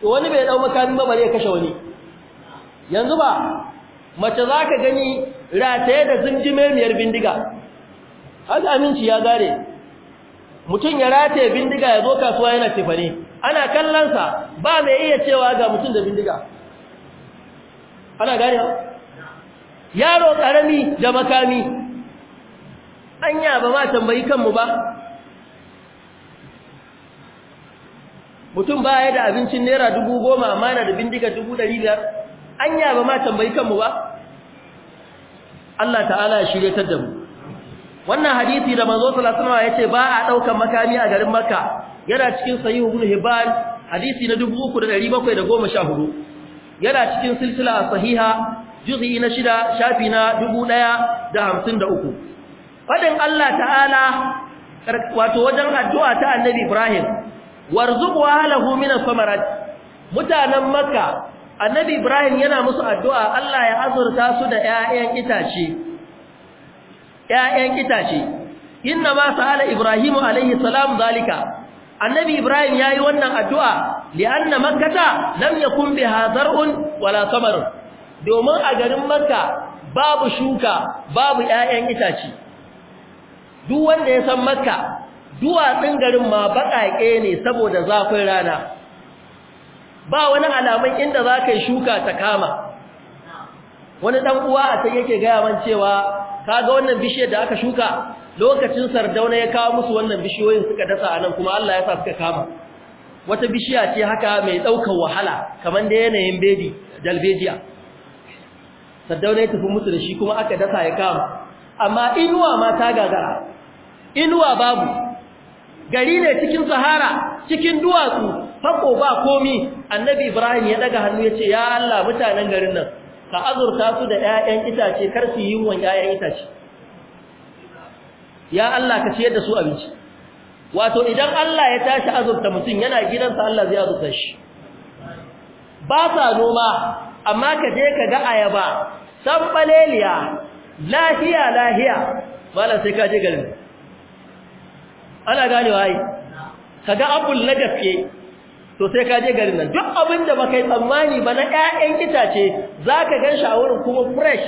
to wani bai dau makami ba bare kashe wani yanzu ba mace zaka gani rataye da zinjime miyar bindiga haka aminci ya gare mutum ya rataye bindiga ya zo kasuwa yana tefane ana kallonsa ba mai iya cewa ga mutum da bindiga ana gane yaro karami da makami anya ba ma tambayi kanmu ba mutum ba ya da abincin naira dubu goma amma na da bindiga dubu ɗari biyar anya ba ma tambayi kanmu ba Allah ta'ala ya shirya da mu wannan hadisi da manzo sallallahu alaihi wasallam ya ce ba a daukan makami a garin makka yana cikin sahih ibn hibban hadisi na 3714 yana cikin silsila sahiha juz'i na shida shafi na 1053 Faɗin Allah ta'ala wato wajen addu'a ta annabi Ibrahim warzuqu ahlahu min samarat mutanen makka annabi Ibrahim yana musu addu'a Allah ya azurta su da 'ya'yan itace ƴaƴan itace inna ma sa'ala Ibrahimu alayhi salam zalika annabi ibrahim ya yi wannan addu'a li'anna makkata lam yakun biha zar'un wala samar domin a garin makka babu shuka babu ƴaƴan itace duk wanda ya san makka duwatsun garin ma baƙaƙe ne saboda zafin rana ba wani alamun inda za ka yi shuka ta kama wani ɗan uwa a sai yake gaya man cewa ka ga wannan bishiyar da aka shuka lokacin sardauna ya kawo musu wannan bishiyoyin suka dasa anan kuma Allah ya sa suka kama wata bishiya ce haka mai daukar wahala kamar da yanayin bedi dalbejiya sardauna ya tafi musu da shi kuma aka dasa ya kama amma inuwa ma ta gagara inuwa babu gari ne cikin sahara cikin duwatsu fako ba komi annabi ibrahim ya daga hannu ya ce ya Allah mutanen garin nan ka azurta su da 'ya'yan itace kar su yi wa 'ya'yan itace ya Allah ka ciyar da su abinci wato idan Allah ya tashi azurta mutum yana gidansa Allah zai azurta shi ba sa noma amma ka je ka ga ayaba san baleliya lahiya lahiya malam sai ka je garin ana ganewa Ka ga abul na gaske to sai ka je garin nan duk abin da baka yi tsammani ba na ƴaƴan itace zaka gan shi a wurin kuma fresh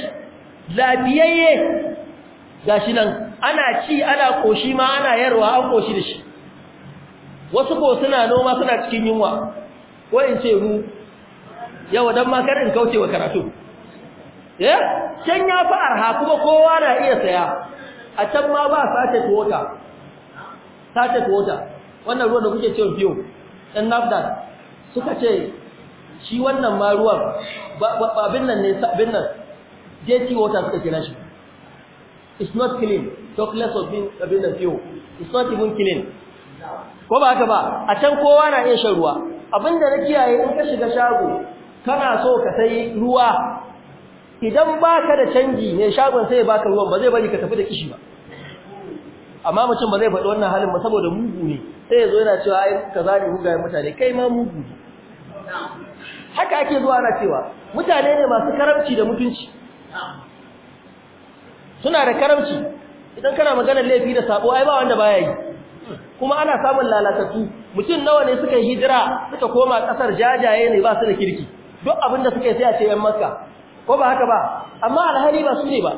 lafiyayye gashi nan ana ci ana koshi ma ana yarwa an koshi da shi wasu ko suna noma suna cikin yunwa ko in ce ru. yawa dan ma kar in kauce wa karatu eh can ya fi arha kuma kowa na iya saya a can ma ba sace tuwota sace tuwota wannan ruwan da kuke cewa biyo dan nafda suka ce shi wannan ma ruwan Ba babin nan ne sabin nan JT wata suka kira shi it's not clean Douglas bin abin nan fiyo it's not even killing ko ba haka ba a can kowa na iya shan ruwa abinda na kiyaye in ka shiga shago kana so ka sai ruwa idan baka da canji ne shagon sai ya baka ruwan ba zai bari ka tafi da kishi ba amma mutum ba zai faɗi wannan halin ba saboda mugu ne sai ya zo yana cewa ai kaza ne mugayen mutane kai ma mugu ne haka ake zuwa ana cewa mutane ne masu karamci da mutunci suna da karamci idan kana maganar laifi da sabo ai ba wanda baya yi kuma ana samun lalatatu. mutum nawa ne suka hijira suka koma kasar jajaye ne ba su da kirki duk abin da suka yi sai a ce yan makka ko ba haka ba amma alhali ba su ne ba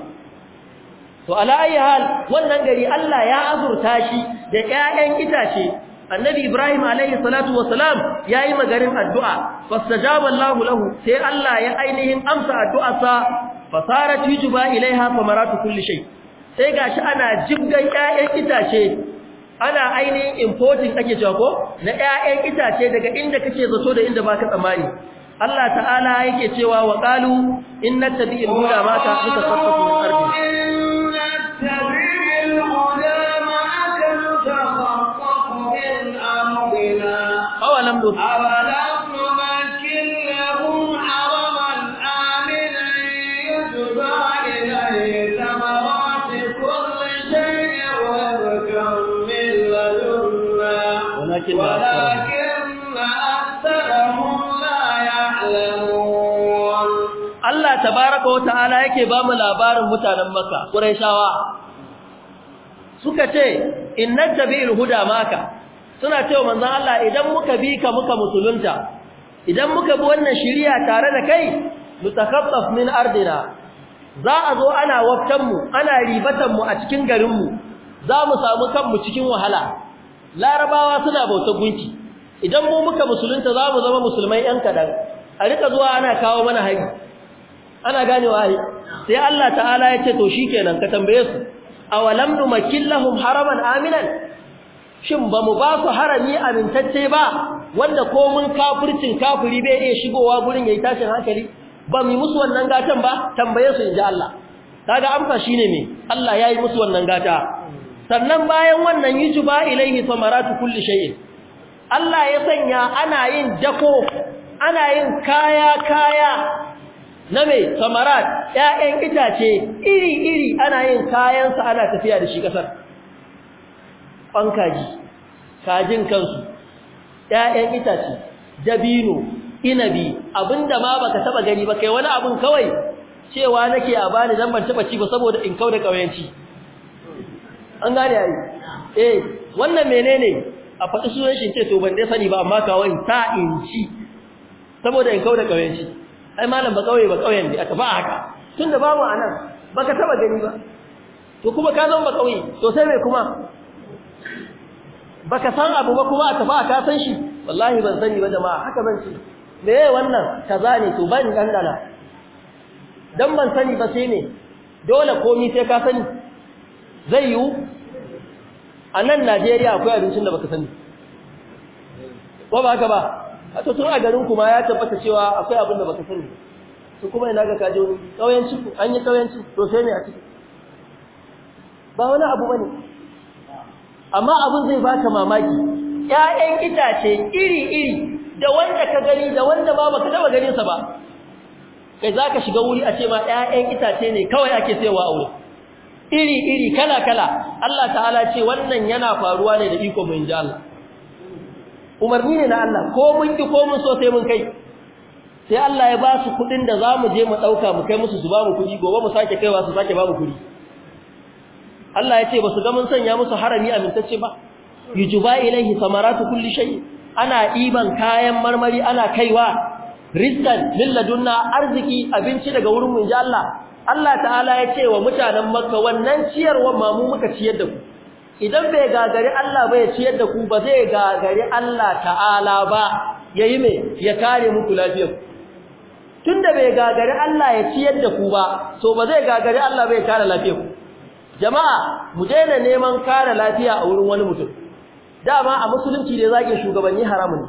to ala ayi hal wannan gari Allah ya azurta shi da ƴaƴan itace annabi ibrahim alaihi salatu wa salam yayi magarin addu'a fastajaba Allah lahu sai Allah ya ainihin amsa addu'arsa fasarat yujuba ilaiha famaratu kulli shay' sai ga shi ana jibgan ƴaƴan itace ana ainihin importing ake cewa ko na ƴaƴan itace daga inda kake zato da inda baka tsammani Allah ta'ala yake cewa wa qalu inna tabi'il huda ma ta tasaffatu min ardi awalam awalam tabaraka wa ta'ala yake ba mu labarin mutanen Makka Qurayshawa suka ce inna tabi'il huda maka suna cewa manzon Allah idan muka bi ka muka musulunta idan muka bi wannan shari'a tare da kai mutakhaffaf min ardina za a zo ana waftan mu ana ribatan mu a cikin garin mu za mu samu kanmu cikin wahala larabawa suna bauta gunki idan mu muka musulunta za mu zama musulmai yan kadan a rika zuwa ana kawo mana hari ana ganewa ai sai Allah ta'ala ya ce to shikenan ka tambaye su awalam numakil lahum haraman aminan shin ba mu ba su harami amintacce ba wanda ko mun kafircin kafiri bai iya shigowa gurin yayi tashin hankali ba mu musu wannan gatan ba tambaye su inji Allah kaga amsa shine me Allah yayi musu wannan gata sannan bayan wannan yujuba ilaihi samaratu kulli shay'in Allah ya sanya ana yin dako ana yin kaya kaya na mai samarat ƴaƴan itace iri-iri ana yin kayansa ana tafiya da shi ƙasar ƙwan kajin kansu ƴaƴan itace dabino inabi abinda ma baka taba gani ba kai wani abun kawai cewa nake a bani dan ban taba ci ba saboda in kauda kauyanci an gane ai eh wannan menene a faɗi sunan shi ce to ban dai sani ba amma kawai ta in ci saboda in kauda kauyanci ai malam ba kauye ba kauyen ne aka ba haka tunda babu anan baka taba gani ba to kuma ka zama ba kauye to sai mai kuma baka san abu ba kuma aka ba ka san shi wallahi ban sani ba jama'a haka ban ce me wannan kaza ne to ban dandana dan ban sani ba sai ne dole komi sai ka sani zai yiwu a nan Najeriya akwai abincin da baka sani ko ba haka ba a to tun a garin kuma ya tabbata cewa akwai abin da baka sani to kuma ina ga kaje kauyanci an yi kauyanci to sai me a ciki ba wani abu bane amma abin zai baka mamaki ƴaƴan itace iri iri da wanda ka gani da wanda ba baka taba ganin sa ba kai zaka shiga wuri a ce ma ƴaƴan itace ne kawai ake sayarwa a wurin iri iri kala kala Allah ta'ala ce wannan yana faruwa ne da iko mu inji Allah umarni ne na Allah ko mun ki ko mun so sai mun kai sai Allah ya ba su kuɗin da zamu je mu ɗauka mu kai musu zuba mu kudi gobe mu sake kaiwa su sake ba mu kuɗi Allah ya ce ba su ga mun sanya musu harami amintacce ba yujuba ilaihi samaratu kulli shay ana iban kayan marmari ana kaiwa rizqan ladunna arziki abinci daga wurin mu inji Allah Allah ta'ala ya ce wa mutanen Makka wannan ciyarwa ma mu muka ciyar da ku idan bai gagari Allah ba ya ciyar da ku ba zai gagari Allah ta'ala ba yayi me ya kare muku lafiyar tunda bai gagari Allah ya ciyar da ku ba to ba zai gagari Allah ba ya kare lafiyar jama'a mu daina neman kare lafiya a wurin wani mutum dama a musulunci da zage shugabanni haramun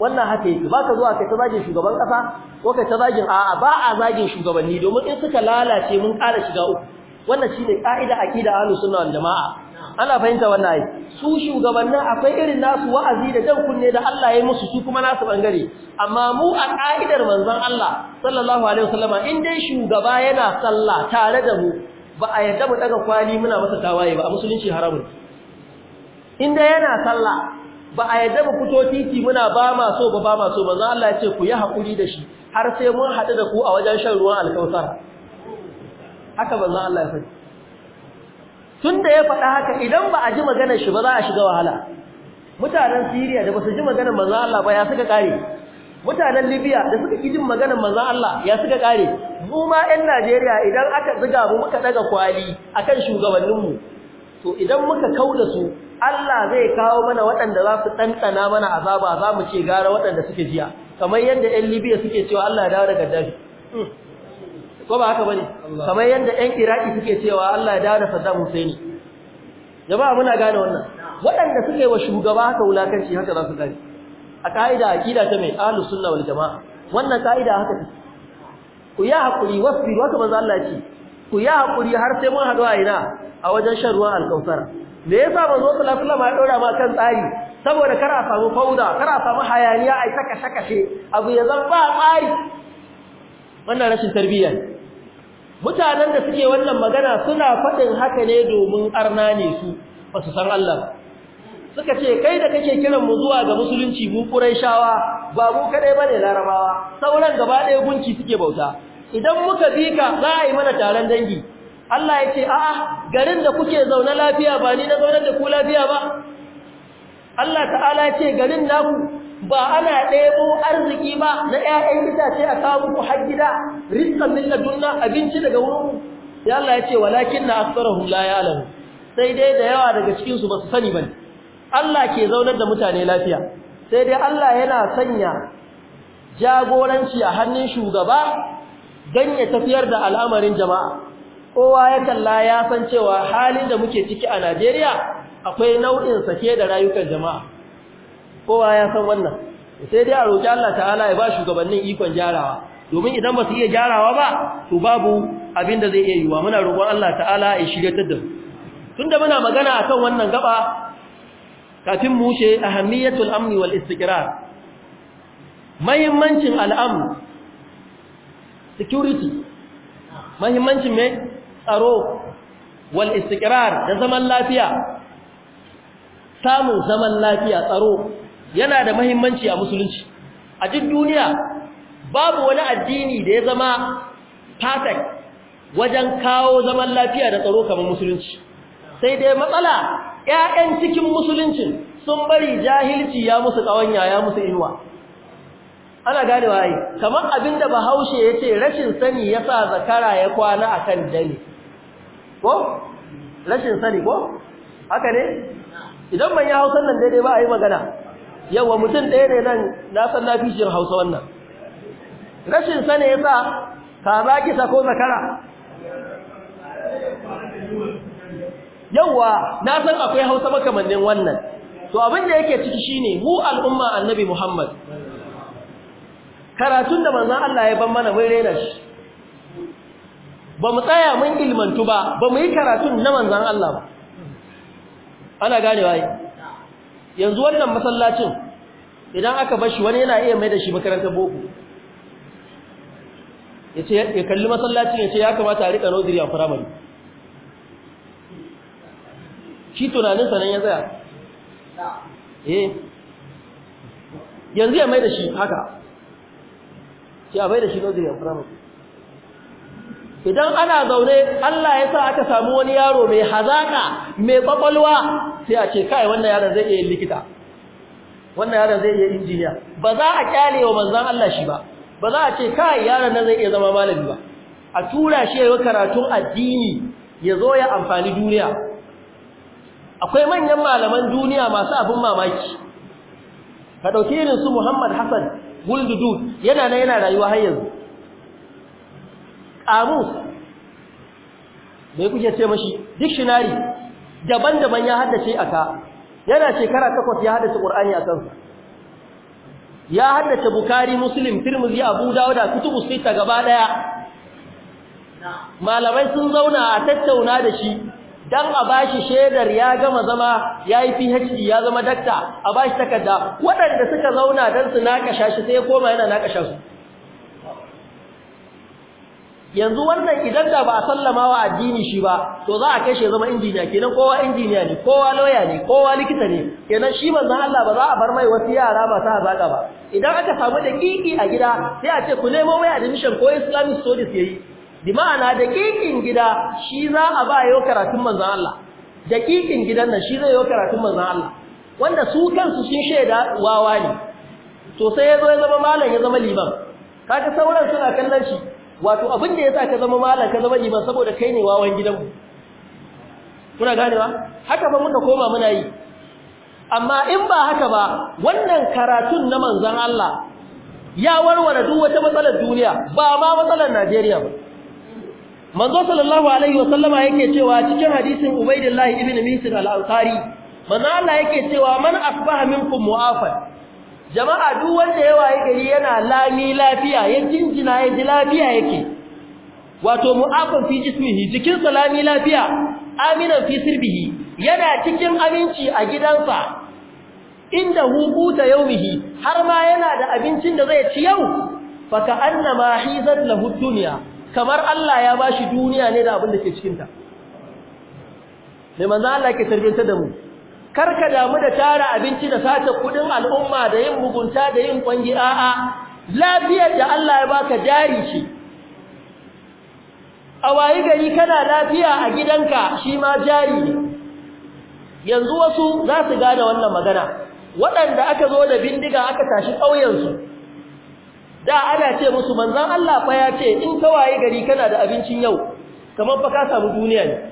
wannan haka yake baka zuwa kai ta zage shugaban kasa ko kai ta zagin a'a ba a zagin shugabanni domin in suka lalace mun kara shiga uku wannan shine ka'ida akida ahlus sunna wal jama'a ana fahimta wannan ai su shugabannin akwai irin nasu wa'azi da dan kunne da Allah ya musu su kuma nasu bangare amma mu a ka'idar manzon Allah sallallahu alaihi wasallama in dai shugaba yana sallah tare da mu ba a yadda mu daga kwali muna masa tawaye ba a musulunci haramun in dai yana sallah ba a yadda mu fito titi muna ba ma so ba ba ma so manzon Allah ya ce ku yi hakuri da shi har sai mun haɗu da ku a wajen shan ruwan alkausar haka manzon Allah ya faɗi Tun da ya faɗa haka idan ba a ji maganar shi ba za a shiga wahala mutanen Syria da basu ji maganar manzo Allah ba ya suka kare mutanen Libya da suka jin maganar manzo Allah ya suka kare mu ma ɗan Najeriya idan aka ziga mu muka ɗaga kwali akan shugabannin mu to idan muka kauda su Allah zai kawo mana waɗanda za su tantana mana azaba za mu ce gara waɗanda suke jiya kamar yadda ɗan Libya suke cewa Allah ya dawo da Gaddafi hmm. ko ba haka bane kamar yadda ɗan iraki suke cewa Allah ya dada Saddam Hussein jama'a muna gane wannan waɗanda suke wa shugaba haka wulakanci haka za su gane a ka'ida akida ta mai ahlus sunna wal jama'a wannan ka'ida haka take ku ya hakuri wasbir wato manzo Allah ya ce ku ya hakuri har sai mun haɗu a ina a wajen shan ruwan alkausar me yasa manzo sallallahu alaihi wasallam ya dora ma kan tsari saboda kar a samu fauda kar a samu hayaniya ai saka saka she abu ya zan ba tsari wannan rashin tarbiyya mutanen da suke wannan magana suna faɗin haka ne domin arna ne su ba su san Allah suka ce kai da kake kiran mu zuwa ga musulunci mu Qurayshawa ba mu kadai bane Larabawa sauran gaba ɗaya gunki suke bauta idan muka bi ka za a yi mana taron dangi Allah ya ce a'a garin da kuke zaune lafiya ba ni na zaune da ku lafiya ba Allah ta'ala ya ce garin naku ba ana ɗebo arziki ba na 'ya'yan itace a kawo muku har gida rizqan min ladunna abinci daga wurin ya Allah ya ce walakinna aktharuhum la ya'lamu sai dai da yawa daga cikin su basu sani bane Allah ke zaunar da mutane lafiya sai dai Allah yana sanya jagoranci a hannun shugaba dan ya tafiyar da al'amarin jama'a kowa ya kalla ya san cewa halin da muke ciki a Najeriya akwai nau'in sake da rayukan jama'a kowa ya san wannan sai dai a roki Allah ta'ala ya ba shugabannin ikon jarawa domin idan ba su iya gyarawa ba to babu abin da zai iya yiwa muna roƙon Allah ta'ala ya ta da mu tunda muna magana akan wannan gaba kafin mu wuce ahammiyatul amni wal istiqrar muhimmancin al'am, security muhimmancin mai tsaro wal istiqrar da zaman lafiya samun zaman lafiya tsaro yana da mahimmanci a musulunci a duk duniya babu wani addini da ya zama perfect wajen kawo zaman lafiya da tsaro kamar musulunci sai dai matsala ƴaƴan cikin musuluncin sun bari jahilci ya musu ƙawanya ya musu inuwa ana gane waye kamar abinda bahaushe yace rashin sani yasa zakara ya kwana akan dane ko rashin sani ko haka ne idan ban yi hausan nan daidai ba a yi magana yawa mutum ɗaya ne nan na san lafishin hausa wannan rashin sa, yasa kaza ki sako zakara yawa na san akwai Hausa makamannin wannan to abin da yake ciki shine mu al'umma annabi Muhammad karatun da manzon Allah ya ban mana mun rena shi ba tsaya mun ilmantu ba ba mu yi karatun na manzon Allah ba ana ganewa yi yanzu wannan masallacin idan aka bar shi wani yana iya mai da shi makarantar boko ya ya kalli masallacin ya ce ya kamata a rika nodiri a firamare shi tunaninsa nan ya tsaya eh yanzu ya mai da shi haka shi a bai da shi nodiri a firamare idan ana zaune Allah ya sa aka samu wani yaro mai hazaka mai kwakwalwa sai a ce kai wannan yaron zai iya likita wannan yaron zai iya injiniya ba za a kyale wa manzan Allah shi ba ba za a ce kai yaron nan zai iya zama malami ba a tura shi yayin karatun addini ya zo ya amfani duniya akwai manyan malaman duniya masu abin mamaki ka ɗauki irin su Muhammad Hassan Guldudu yana nan yana rayuwa har yanzu Qamus me kuke ce mashi dictionary daban-daban ya haddace aka yana shekara takwas ya haddace Qur'ani a kansa ya haddace bukari muslim tirmidhi abu dawo da kutubu sita gaba daya malamai sun zauna a tattauna da shi dan a bashi shedar ya gama zama yayi PhD ya zama dakta a bashi takarda waɗanda suka zauna dan su nakasha shi sai ya koma yana nakasha su yanzu wannan idan da ba a sallama wa addini shi ba to za a kashe zama injiniya kenan kowa injiniya ne kowa lawyer ne kowa likita ne kenan shi manzo Allah ba za a bar mai wasu yara ba masu zaka ba idan aka samu da kiki a gida sai a ce ku nemo mai admission ko Islamic studies yayi bi ma'ana kikin gida shi za a ba yau karatun manzo Allah Da kikin gidan nan shi zai yau karatun manzo Allah wanda su kansu sun shaida wawa ne to sai ya zo ya zama malam ya zama liman kaga sauran suna kallon shi wato abin da yasa ka zama malam ka zama liman saboda kai ne wawan gidanmu kuna ganewa haka ba muka koma muna yi amma in ba haka ba wannan karatun na manzon Allah ya warware duk wata matsalar duniya ba ma matsalar Najeriya ba manzo sallallahu alaihi wa sallama yake cewa cikin hadisin Ubaidullahi ibn Misr al-Ansari manzo Allah yake cewa man asbaha minkum mu'afan jama'a duk wanda ya waye gari yana lami lafiya ya jinjina ya ji lafiya yake wato mu'afan fi jismihi cikin salami lafiya aminan fi sirbihi yana cikin aminci a gidansa inda hukuta yaumihi har ma yana da abincin da zai ci yau fa ka annama hizat lahu dunya kamar Allah ya bashi duniya ne da abin da ke cikin ta manzo Allah ke tarbiyar da mu karka damu da tara abinci da sace kudin al'umma da yin mugunta da yin kwangi a'a lafiyar da Allah ya baka jari ce a wayi gari kana lafiya a gidanka shi ma jari ne yanzu wasu za su gane wannan magana waɗanda aka zo da bindiga aka tashi ƙauyensu da ana ce musu manzon Allah fa ya ce in ka wayi gari kana da abincin yau kamar fa ka samu duniya ne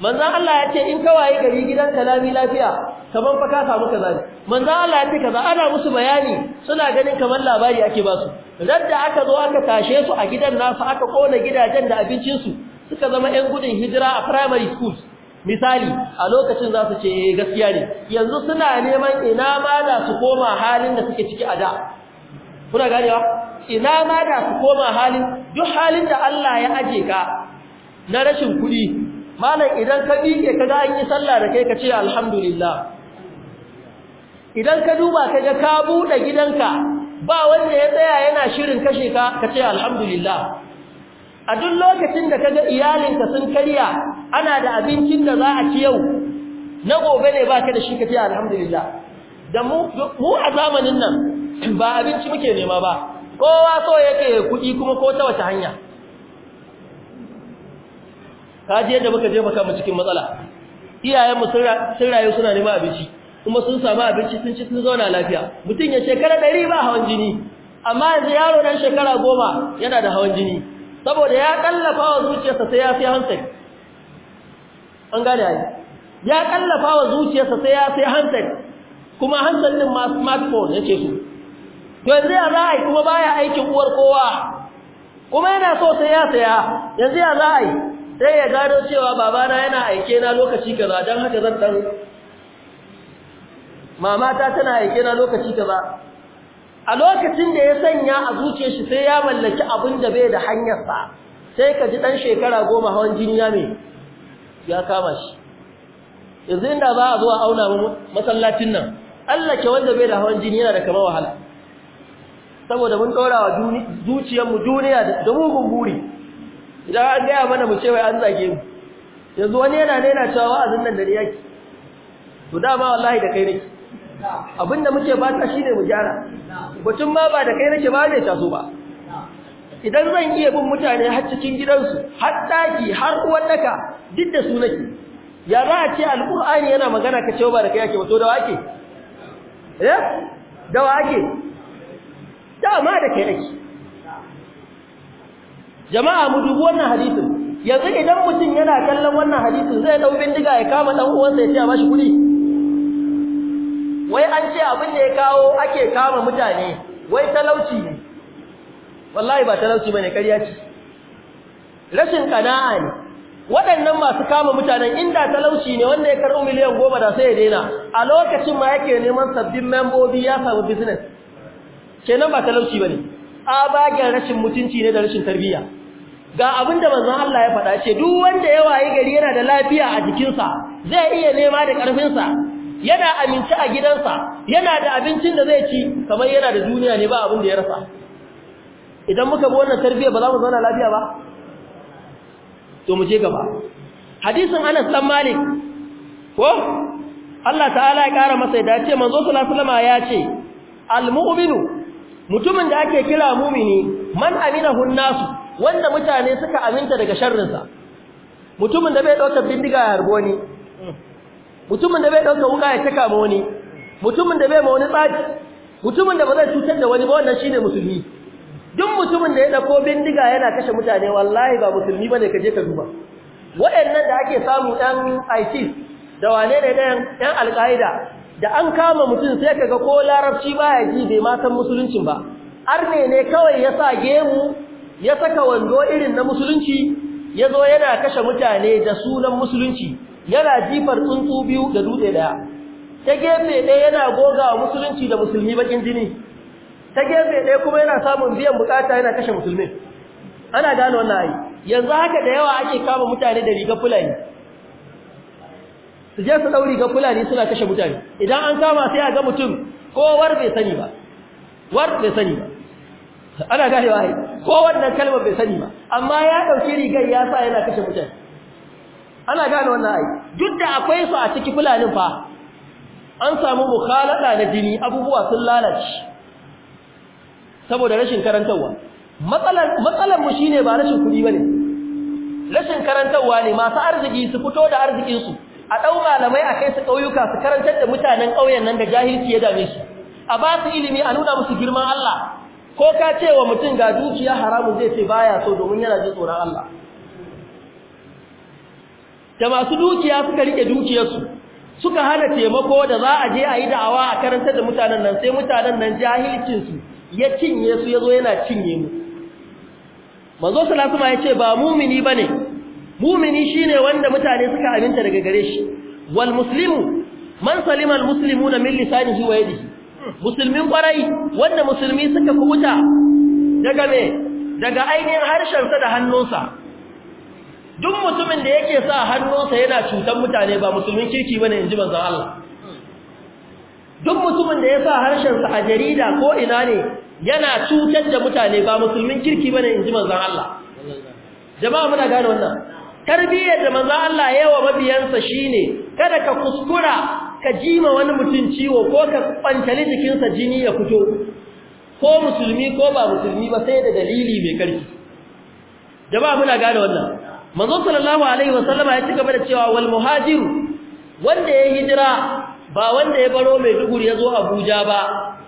manzan Allah ya ce in kawaye gari gidan kalami lafiya kaman fa ka samu kaza ne manzan Allah ya ce kaza ana musu bayani suna ganin kaman labari ake ba su radda aka zo aka tashe su a gidan nasu aka kona gidajen da abincin su suka zama 'yan gudun hijira a primary schools misali a lokacin za su ce eh gaskiya ne yanzu suna neman ina ma da su koma halin da suke ciki a da kuna ganewa ina ma da su koma halin duk halin da Allah ya aje ka na rashin kuɗi malam idan ka dike kaga an yi sallah da kai ka ce alhamdulillah idan ka duba kaga ka bude gidanka ba wanda ya tsaya yana shirin kashe ka ka ce alhamdulillah a duk lokacin da ka kaga iyalinka sun kariya ana da abincin da za a ci yau na gobe ne baka da shi ka ce alhamdulillah da mu mu a zamanin nan ba abinci muke nema ba kowa so yake kuɗi kuma ko ta wata hanya ka ji yadda muka je maka mu cikin matsala iyayenmu sun rayu suna neman abinci kuma sun samu abinci sun ci sun zauna lafiya mutum ya shekara ɗari ba hawan jini amma yanzu yaro nan shekara goma yana da hawan jini saboda ya kallafa wa zuciyarsa sai ya fi hansai an gane ai ya kallafa wa zuciyarsa sai ya fi hansai kuma hankalin ma smartphone yake su to yanzu ya za a yi kuma baya aikin uwar kowa kuma yana so sai ya saya yanzu ya za a yi sai ya gano cewa babana yana aike na lokaci kaza don haka zan dan mamata tana aike na lokaci kaza a lokacin da ya sanya a zuciyar shi sai ya mallaki abin da bai da hanyar sa sai ka ji dan shekara goma hawan jini ya me ya kama shi yanzu inda ba a zuwa auna mu masallacin nan Allah ke wanda bai da hawan jini yana da kamar wahala saboda mun ɗora wa mu duniya da mugun buri idan an gaya mana mu ce wai an zage mu yanzu wani yana ne yana cewa wa'azin nan da ni yake to dama wallahi da kai nake abinda muke fata shine mu gyara batun ma ba da kai nake ba ne taso ba idan zan iya bin mutane har cikin gidansu har daki har uwannaka duk da su nake ya za a ce alkurani yana magana ka cewa ba da kai yake ba to da wake eh da wake dama da kai nake jama'a mu dubi wannan hadisin yanzu idan mutum yana kallon wannan hadisin zai dau bindiga ya kama dan uwansa ya ce a bashi kuɗi wai an ce abin da ya kawo ake kama mutane wai talauci ne wallahi ba talauci bane kariya ce rashin kana'a ne waɗannan masu kama mutanen inda talauci ne wanda ya karɓi miliyan goma da sai ya daina a lokacin ma yake neman sabbin membobi ya samu business kenan ba talauci ba ne. a bagen rashin mutunci ne da rashin tarbiyya ga abinda manzon Allah ya faɗa ce duk wanda ya wayi gari yana da lafiya a jikinsa zai iya nema da ƙarfinsa yana aminci a gidansa yana da abincin da zai ci kamar yana da duniya ne ba abin da ya rasa idan muka bi wannan tarbiyyar ba za mu zauna lafiya ba to mu je gaba hadisin Anas dan Malik ko Allah ta'ala ya kara masa da ce manzo sallallahu alaihi ya ce al-mu'minu mutumin da ake kira mu'mini man aminahu an-nasu wanda mutane suka aminta daga sharrinsa mutumin da bai dauka bindiga ya harbo ni mutumin da bai dauka wuka ya taka ma wani mutumin da bai ma wani tsaki mutumin da ba zai cutar da wani ba wannan shine musulmi duk mutumin da ya dauko bindiga yana kashe mutane wallahi ba musulmi bane ka je ka duba waɗannan da ake samu dan ISIS da wane ne dan dan alƙaida da an kama mutum sai kaga ko larabci baya ji bai ma san musuluncin ba arne ne kawai ya sa gemu ya saka wando irin na musulunci ya zo yana kashe mutane da sunan musulunci yana jifar tsuntsu biyu da dutse daya ta gefe ɗaya yana goga wa musulunci da musulmi bakin jini ta gefe ɗaya kuma yana samun biyan bukata yana kashe musulmi ana gane wannan ayi yanzu haka da yawa ake kama mutane da rigar fulani su je su ɗau rigar fulani suna kashe mutane idan an kama sai a ga mutum ko war bai sani ba war bai sani ba ana gane wai ko wannan kalmar bai sani ba amma ya dauki rigar ya sa yana kashe mutane ana gane wannan ai duk da akwai su a ciki fulanin fa an samu mukhalada na jini abubuwa sun lalace saboda rashin karantawa matsalar matsalan mu shine ba rashin kudi bane rashin karantawa ne masu arziki su fito da arzikin su a dau malamai a kai su kauyuka su karantar da mutanen kauyen nan da jahilci ya dame su a ba su ilimi a nuna musu girman Allah ko ka ce wa mutum ga dukiya haramun zai ce baya so domin yana jin tsoron Allah da masu dukiya suka rike dukiyarsu suka hana taimako da za a je a yi da'awa a karanta da mutanen nan sai mutanen nan jahilcinsu ya cinye su ya zo yana cinye mu manzo salatuma ya ce ba mumini ba ne mumini shi ne wanda mutane suka aminta daga gare shi wal muslimu man salima al muslimu na min lisanihi wa yadihi musulmin kwarai wanda musulmi suka kubuta daga me daga ainihin harshensa da hannunsa duk mutumin da yake sa hannunsa yana cutar mutane ba musulmin kirki bane inji manzon Allah duk mutumin da ya sa harshensa a jarida ko ina ne yana cutar da mutane ba musulmin kirki bane inji manzon Allah jama'a muna gane wannan tarbiyyar da manzon Allah wa mabiyansa shine kada ka kuskura ka ji ma wani mutum ciwo ko ka kwantali jikinsa jini ya fito ko musulmi ko ba musulmi ba sai da dalili mai karfi jama'a muna gane wannan manzo sallallahu alaihi wasallama ya cika da cewa wal muhajiru wanda ya hijira ba wanda ya baro mai duguri ya zo Abuja ba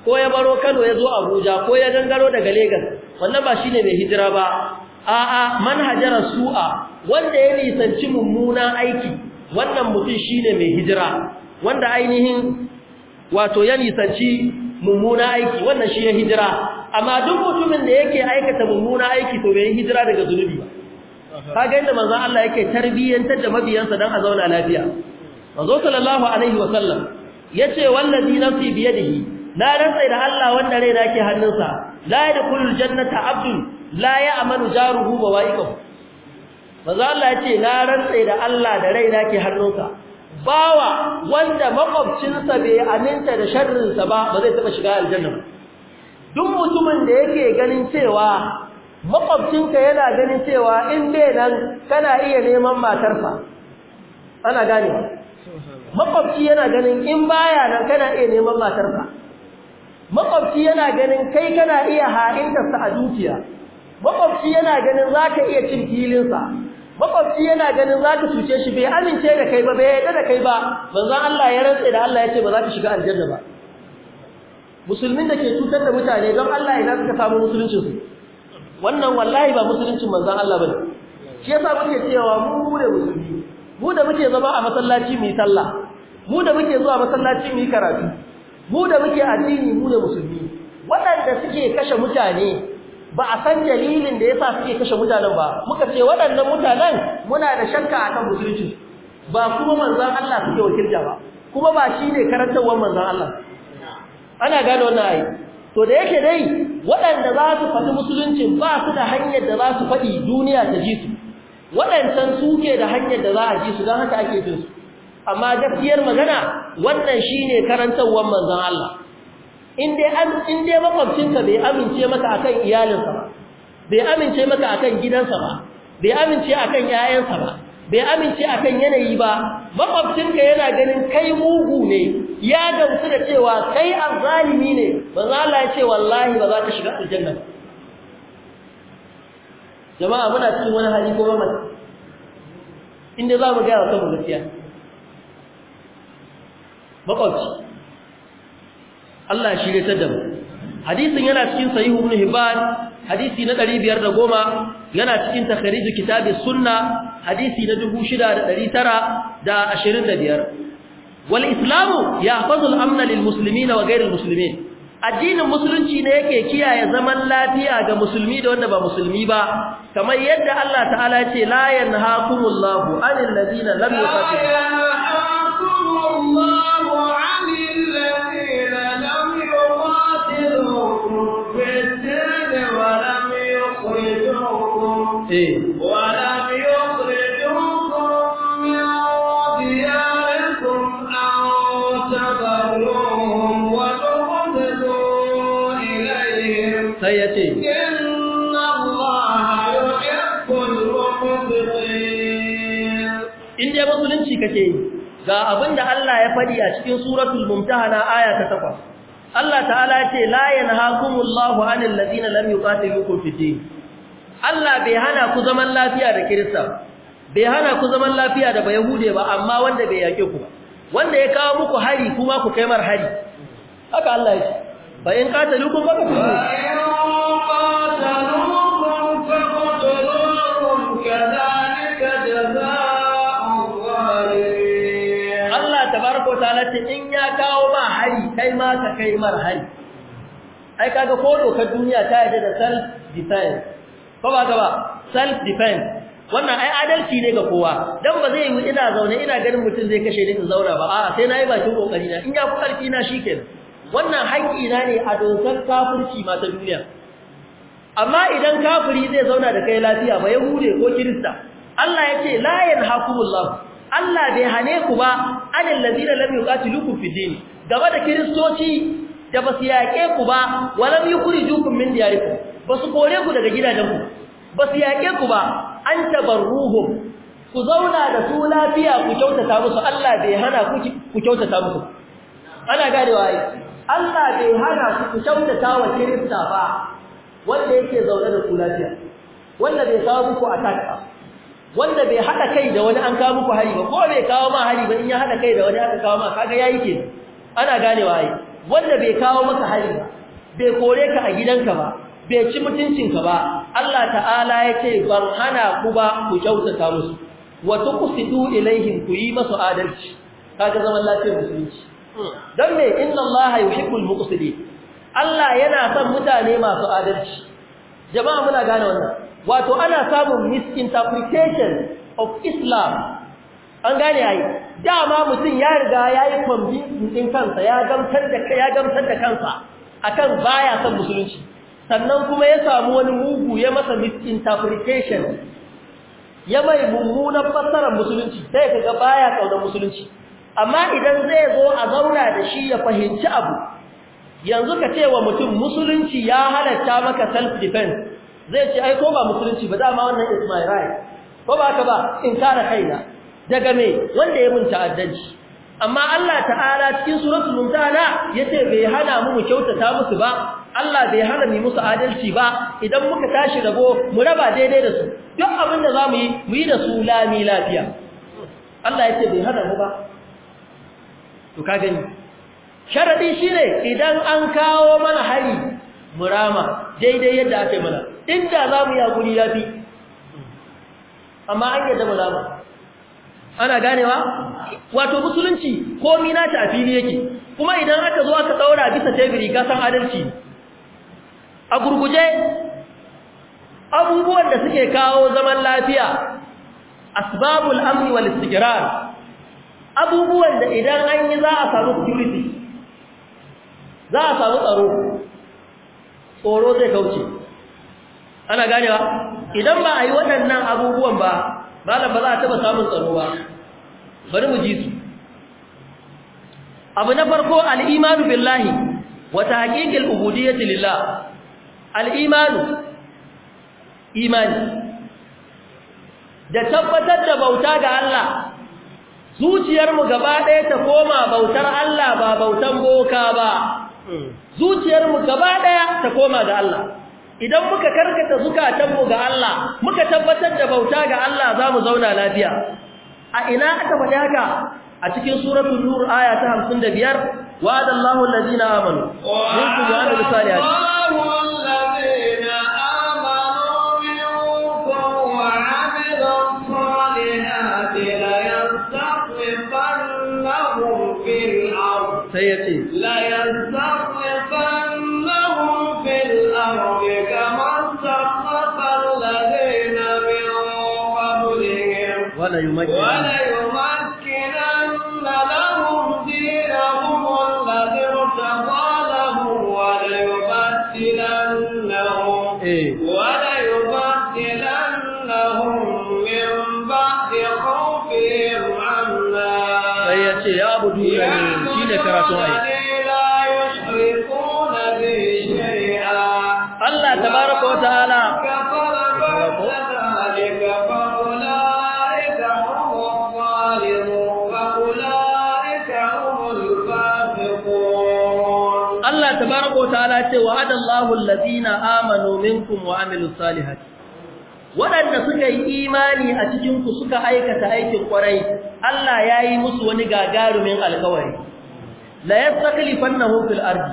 ko ya baro Kano ya zo Abuja ko ya dangaro daga Lagos wannan ba shine mai hijira ba a'a man hajara su'a wanda ya nisanci mummunan aiki wannan mutum shine mai hijira wanda ainihin wato ya nisanci mummuna aiki wannan shi ya hijira amma duk mutumin da yake aikata mummuna aiki to bai hijira daga zunubi ba kaga yadda manzon Allah yake tarbiyyantar da mabiyansa dan a zauna lafiya manzo sallallahu alaihi wa sallam yace wallazi nafsi bi yadihi Na rantsai da Allah wanda rai yake hannunsa la yadkhulul jannata abdun la ya'malu jaruhu bawaikahu manzo Allah yace na rantse da Allah da rai yake hannunsa bawa wanda makwabcinsa bai aminta da sharrinsa ba ba zai taɓa shiga aljanna ba duk mutumin da yake ganin cewa makwabcinka yana ganin cewa in bai nan kana iya neman matarsa ana gane makwabci yana ganin in baya nan kana iya neman matarsa makwabci yana ganin kai kana iya ha'intarsa a dukiya makwabci yana ganin za ka iya cin filinsa makwabci yana ganin za ka cuce shi bai amince da kai ba bai yarda da kai ba manzon Allah ya rantse da Allah ya ce ba za ka shiga aljanna ba musulmin da ke cutar da mutane don Allah ina suka samu musuluncin su wannan wallahi ba musuluncin manzon Allah bane shi yasa muke cewa mu ne musulmi mu da muke zama a masallaci mu yi sallah mu da muke zuwa masallaci mu yi karatu mu da muke addini mu ne musulmi waɗanda suke kashe mutane ba a san dalilin da yasa suke kashe mutanen ba muka ce waɗannan mutanen muna da shakka akan musulunci ba kuma manzon Allah suke wakilta ba kuma ba shi ne karantawar manzon Allah ana gane wannan ayi to da yake dai waɗanda za su faɗi musulunci ba su da hanyar da za su faɗi duniya ta ji su waɗancan suke da hanyar da za a ji su don haka ake jin su amma gaskiyar magana wannan shine karantawar manzon Allah in dai makwabcinka bai amince maka akan iyalinsa ba bai amince maka akan gidansa ba bai amince akan yayansa ba bai amince akan yanayi ba makwabcinka yana ganin kai mugu ne ya gamsu da cewa kai azzalimi ne ba za la ce wallahi ba za ka shiga aljanna jama'a muna cikin wani hali ko ba inda za mu gaya wa kanmu gaskiya makwabci Allah ya shirye hadisin yana cikin sahih ibn hibban hadisi na 510 yana cikin takhrij kitabi sunna hadisi na 6925 wal islamu yahfazu al amna lil muslimin wa ghayr al muslimin addinin musulunci ne yake kiyaye zaman lafiya ga musulmi da wanda ba musulmi ba kamar yadda Allah ta'ala ya ce la yanhaqumullahu anil ladina lam yuqatilukum إيه ولم يخرجوكم من ga abin da Allah ya faɗi a cikin suratul mumtahana aya ta 8 Allah ta'ala ce la yanhaakumullahu 'anil ladina lam yuqatilukum fid din Allah bai hana ku zaman lafiya da Kirista bai hana ku zaman lafiya da Bayahude ba amma wanda bai yake ku ba wanda ya kawo muku hari kuma ku kai mar hari haka Allah ya ce fa in qatalukum fa qataluhum qatalukum fa qataluhum kadhalika jazaa'u zalimin Allah tabaraka ta'ala ce in ya kawo ma hari kai ma ka kai mar hari ai kaga ko dokar duniya ta yadda da self defense ko ba ka ba self defense wannan ai adalci ne ga kowa dan ba zai yi ina zaune ina ganin mutum zai kashe ni in zauna ba a'a sai nayi bakin kokari na in ya ku karfi na shike wannan haƙi na ne a dokar kafirci ma ta duniya amma idan kafiri zai zauna da kai lafiya ba ya yahude ko kirista Allah yace la yanhaqumullah Allah bai hane ku ba anil ladina lam yuqatilukum fi din gaba da kiristoci da basu yaƙe ku ba walam yukhrijukum min diyarikum ba su kore ku daga gidajenku ba su yaƙe ku ba an tabarruhum ku zauna da su lafiya ku kyautata musu Allah bai hana ku kyautata musu ana ganewa wai Allah bai hana ku kyautata wa kirista ba wanda yake zaune da ku lafiya wanda bai kawo muku attack ba wanda bai hada kai da wani an kawo muku hari ba ko bai kawo ma hari ba in ya hada kai da wani aka kawo ma kaga yayi ke ana ganewa wai wanda bai kawo maka hari ba bai kore ka a gidanka ba bai ci mutuncinka ba Allah ta'ala ce ban hana ku ba ku kyautata musu wa tuqsidu ilaihim ku yi masu adalci kaga zaman lafiyar musulunci dan me inna Allah yuhibbul muqsidin Allah yana son mutane masu adalci jama'a muna gane wannan wato ana samun misinterpretation of Islam an gane ai dama mutum ya riga yayi convincing din kansa ya gamsar da ya gamsar da kansa akan baya son musulunci sannan kuma ya samu wani mugu ya masa misinterpretation ya mai mummunan fassarar musulunci sai kaga baya kaunar musulunci amma idan zai zo a zauna da shi ya fahimci abu yanzu ka ce wa mutum musulunci ya halatta maka self defense zai ce ai ko ba musulunci ba dama wannan is my right ko ba ka ba in kare kaina daga me wanda ya mun ta'addanci amma Allah ta'ala cikin suratul mumtana yace bai hana mu mu kyautata musu ba Allah bai hana mu musu adalci ba idan muka tashi rabo mu raba daidai da su duk abin da zamu yi mu yi da su lami lafiya Allah yake bai hana mu ba to ka gani sharadi shine idan an kawo mana hari murama daidai yadda ake mana inda zamu yi hakuri yafi amma an yadda mu rama ana ganewa wato musulunci komai na ta afili yake kuma idan aka zo aka daura bisa tebiri san adalci a gurguje abubuwan da suke kawo zaman lafiya asbabul amni wal istiqrar abubuwan da idan an yi za a samu security za a samu tsaro tsoro zai kauce ana ganewa idan ba a yi waɗannan abubuwan ba malam ba za a taɓa samun tsaro ba bari mu ji su abu na farko al'imanu billahi wata haƙiƙil ubudiyyati lillah al'imanu imani da tabbatar da bauta ga Allah zuciyarmu gaba ɗaya ta koma bautar Allah ba bautan boka ba zuciyarmu gaba ɗaya ta koma ga Allah idan muka karkata zukatanmu ga Allah muka tabbatar da bauta ga Allah za mu zauna lafiya a ina aka faɗi haka a cikin suratul nur aya ta 55 wa'adallahu allazina amanu minkum wa amilus salihati يمجد ولا Allahu allazina amanu minkum wa amilus salihati waɗanda suka yi imani a cikin ku suka aikata aikin kwarai Allah yayi musu wani gagarumin alkawari la yastaklifannahu fil ardi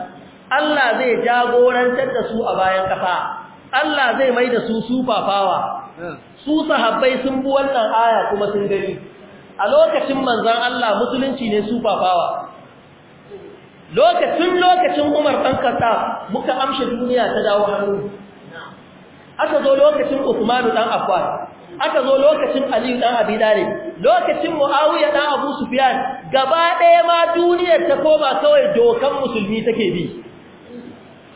Allah zai jagorantar da su a bayan kafa Allah zai mai su sufafawa su sahabbai sun bi wannan aya kuma sun gani a lokacin manzon Allah musulunci ne sufafawa lokacin lokacin Umar ɗan Khattab muka amshi duniya ta dawo hannu aka zo lokacin Uthman ɗan Affan aka zo lokacin Aliyu ɗan Abi lokacin Muawiya dan Abu Sufyan gaba ɗaya ma duniyar ta koma kawai dokan musulmi take bi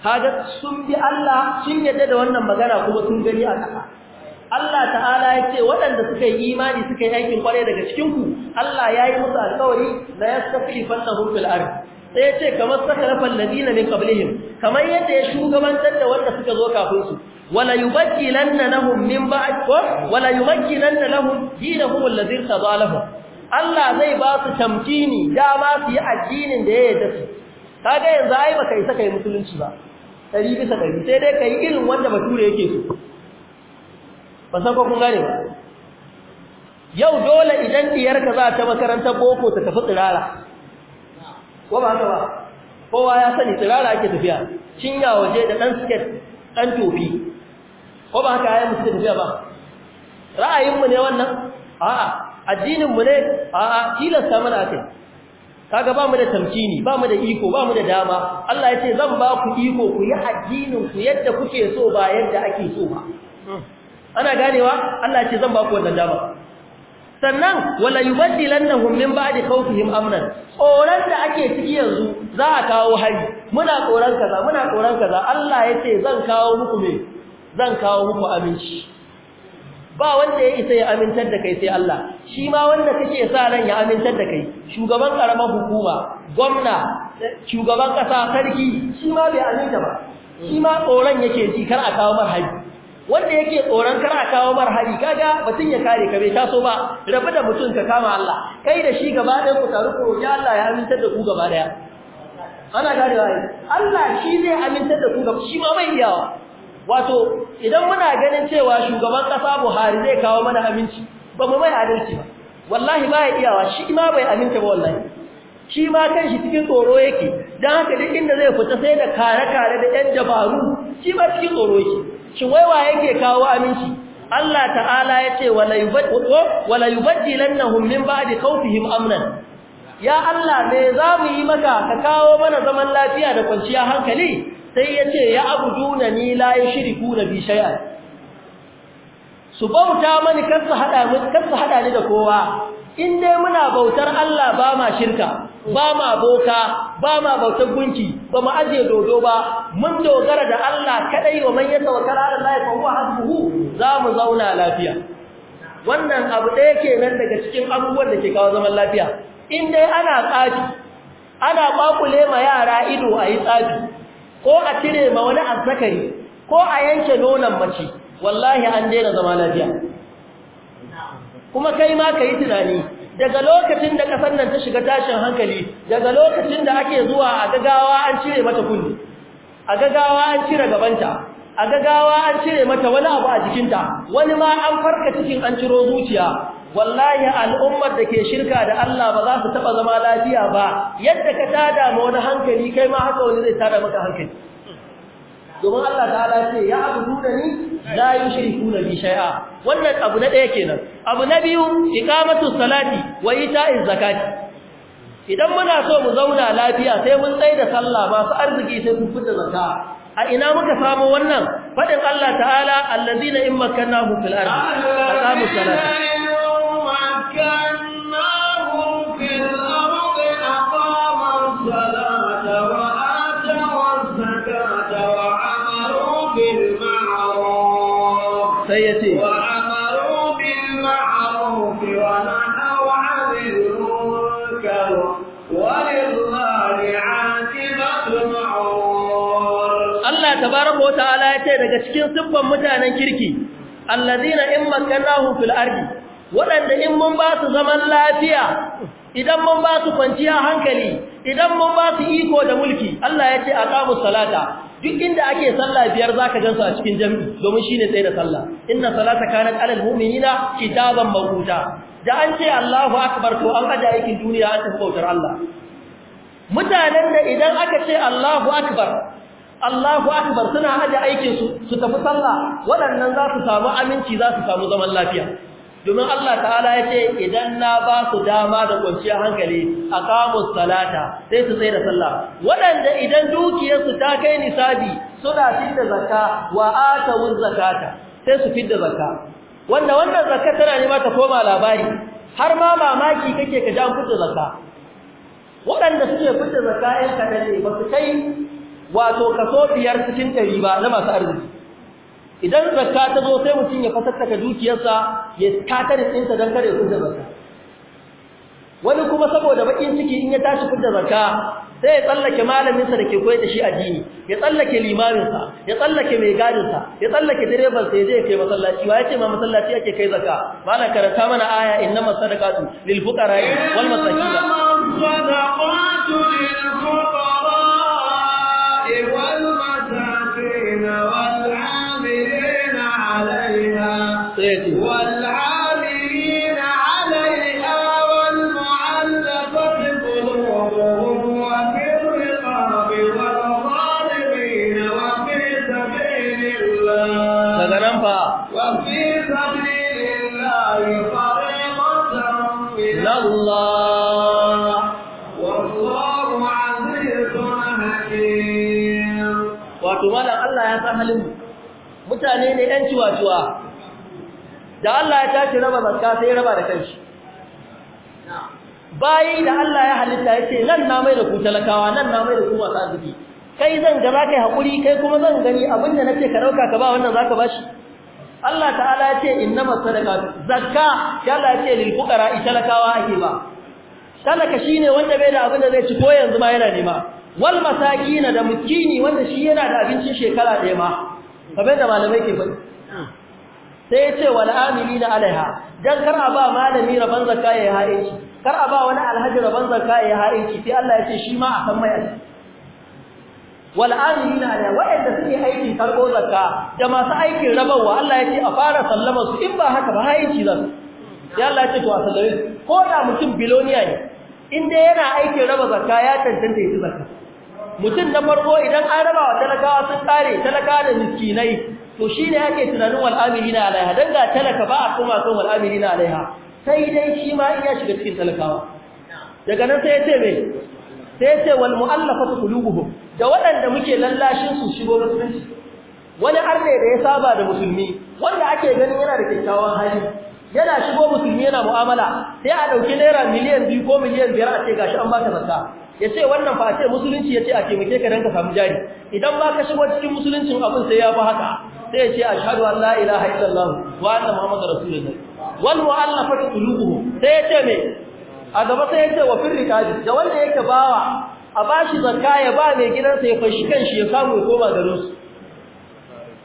kaga sun bi Allah sun yadda da wannan magana kuma sun gani a ƙasa Allah ta'ala ya ce waɗanda suka yi imani suka yi aikin kwarai daga cikinku Allah ya yi musu alƙawari na ya fannahum fannin ardh sai ce kamar saka rafal ladina min qablihim kamar yadda ya shugabantar da wanda suka zo kafin su wala yubaddilanna lahum min ba'd wala yubaddilanna lahum dinahum alladhi tadalahum Allah zai ba su tamkini da ba su yi addinin da ya yarda su kaga yanzu ai baka isa kai musulunci ba dari bisa dari sai dai kai irin wanda bature yake so ba san ko kun gane ba yau dole idan diyarka za ta makarantar boko ta tafi tsirara ko ba haka ba kowa ya sani tsirara ake tafiya cinya waje da ɗan siket ɗan tofi ko ba haka ya musu tafiya ba Ra'ayin mu ne wannan a'a Addinin mu ne a'a tilasta mana ake kaga ba mu da tamkini ba mu da iko ba mu da dama Allah ya ce zan ba ku iko ku yi addinin ku yadda kuke so ba yadda ake so ba hmm. ana ganewa Allah ya ce zan ba ku wannan dama sannan wala yubaddilannahum min ba'di khawfihim amnan tsoron da ake ciki yanzu za a kawo hari muna tsoron kaza muna tsoron kaza Allah yace zan kawo muku me zan kawo muku aminci ba wanda ya isa ya amintar da kai sai Allah shi ma wanda kake sa ran ya amintar da kai shugaban karamar hukuma gwamna shugaban kasa sarki shi ma bai aminta ba shi ma tsoron yake ji kar a kawo mar hari wanda yake tsoron kar a kawo mar hari kaga mutun ya kare ka bai taso ba rabu da mutun ka kama Allah kai da shi gaba ɗaya ku taru ku roki Allah ya amintar da ku gaba ɗaya ana gane wai Allah shi zai amintar da ku gaba shi ma bai iyawa wato idan muna ganin cewa shugaban kasa Buhari zai kawo mana aminci ba mu mai adalci ba wallahi ba ya iyawa shi ma bai aminta ba wallahi shi ma shi cikin tsoro yake dan haka duk inda zai fita sai da kare kare da yan jabaru shi ma cikin tsoro yake shin wai wa yake kawo aminci Allah ta'ala yace wala yubaddilannahum min ba'di khawfihim amnan ya Allah me mu yi maka ka kawo mana zaman lafiya da kwanciya hankali sai yace ya abuduna ni la yushriku bi shay'a su bauta mani kar su hada ni da kowa in dai muna bautar Allah ba ma shirka ba ma boka ba ma bautar gunki ba mu aje dodo ba mun dogara da Allah kadai wa man yatawakkal ala Allah fa huwa hasbuhu za mu zauna lafiya wannan abu ɗaya kenan daga cikin abubuwan da ke kawo zaman lafiya in dai ana tsafi ana kwakule ma yara ido a yi tsafi ko a cire ma wani azzakari ko a yanke nonon mace wallahi an daina zama lafiya kuma kai ma ka yi tunani daga lokacin da ƙasar nan ta shiga tashin hankali daga lokacin da ake zuwa a gagawa an cire mata kunni, a gagawa an cire gabanta a gagawa an cire mata wani abu a jikinta wani ma an farka cikin an ciro zuciya wallahi al'ummar da ke shirka da Allah ba za su taɓa zama lafiya ba yadda ka tada ma wani hankali kai ma haka wani zai tada maka hankali domin Allah ta'ala ce ya abudu da ni la yushrikuna bi shay'a wannan abu na daya kenan abu na biyu iqamatu salati wa in zakati idan muna so mu zauna lafiya sai mun tsaya da sallah masu arziki sai mun fita zakka a ina muka samu wannan fadin Allah ta'ala allazina in makkannahum fil ardi aqamu salata ce daga cikin siffan mutanen kirki allazina in makkannahu fil ardi waɗanda in mun ba su zaman lafiya idan mun ba su kwanciya hankali idan mun ba su iko da mulki Allah ya ce aqamus salata duk inda ake sallah biyar zaka gansu a cikin jami'i domin shine sai da sallah inna salata kanat alal mu'minina kitaban mawquta da an ce Allahu akbar to an aje aikin duniya an tafi bautar Allah mutanen da idan aka ce Allahu akbar Allahu akbar suna aje aikin su su tafi sallah waɗannan za su samu aminci za su samu zaman lafiya domin Allah ta'ala ya ce idan na ba su dama da kwanciyar hankali a salata sai su tsaye da sallah waɗanda idan dukiyarsu ta kai nisabi suna fidda zakka wa atawun zakata sai su fidda zakka wanda wannan zakka tana nema ta koma labari har ma mamaki kake ka ja fidda zakka waɗanda suke fidda zakka ɗin kaɗan ne ba su kai wato kaso biyar cikin ɗari ba na masu arziki idan zakka ta zo sai mutum ya fasattaka dukiyarsa ya katarin ɗinsa don kare sun da zakka wani kuma saboda bakin ciki in ya tashi fitar zakka sai ya tsallake malaminsa da ke koyar da shi addini ya tsallake limaminsa ya tsallake mai gadinsa ya tsallake direbansa ya je ya kai masallaci wa ya ce ma masallaci ake kai zaka ba na karanta mana aya inna masadaqatu lil fuqara wal masakin والعاملين عليها طيب. والعاملين halinmu mutane ne ɗan ciwa-ciwa da Allah ya tashi raba zakka sai ya raba da kanshi bayi da Allah ya halitta ya ce nan na mai da ku talakawa nan na mai da ku masu arziki kai zan ga za kai yi kai kuma zan gani abin da na ce ka ɗauka ka ba wannan za ka ba shi Allah ta'ala ya ce inna masadaka zakka ya Allah ya ce lil fuqara talakawa ake ba talaka shine wanda bai da abin da zai ci ko yanzu ma yana nema wal masakina da mukini wanda shi yana da abincin shekara ɗaya ma kamar da malamai ke faɗi sai ya ce wal amilina alaiha dan kar a ba malami rabon zakka ya ha'inci kar a ba wani alhaji rabon zakka ya haɗe, shi sai Allah ya ce shi ma a san mai wal amilina alaiha wa'anda suke aiki karɓo zakka da masu aikin rabawa Allah ya ce a fara sallama su in ba haka ba ha'inci zan sai Allah ya ce to a sallame ko da mutum biloniya ne in dai yana aikin raba zakka ya tantance shi zakka mutum na farko idan an raba wa talakawa sun kare talakawa da miskinai to shine ake tunanin wal amilina alaiha dan ga talaka ba a koma son wal amilina alaiha sai dai shi ma in ya shiga cikin talakawa daga nan sai ya ce me sai ya ce wal mu'allafatu qulubuhum da waɗanda muke lallashin su shigo musulunci wani arne da ya saba da musulmi wanda ake ganin yana da kyakkyawan hali yana shigo musulmi yana mu'amala sai a ɗauki naira miliyan biyu ko miliyan biyar a ce gashi an baka zakka ya ce wannan fa ce musulunci ya ce a taimake ka don ka samu jari idan ba ka shigo cikin musuluncin abin sai ya fi haka sai ya ce ashhadu an la ilaha illallah wa anna muhammadar rasulullah wal mu'allafatu qulubuhum sai ya ce me a gaba sai ya ce wa firriqaji da wanda yake bawa a bashi zakka ya ba mai gidansa ya fashi kan shi ya samu ya koma garin su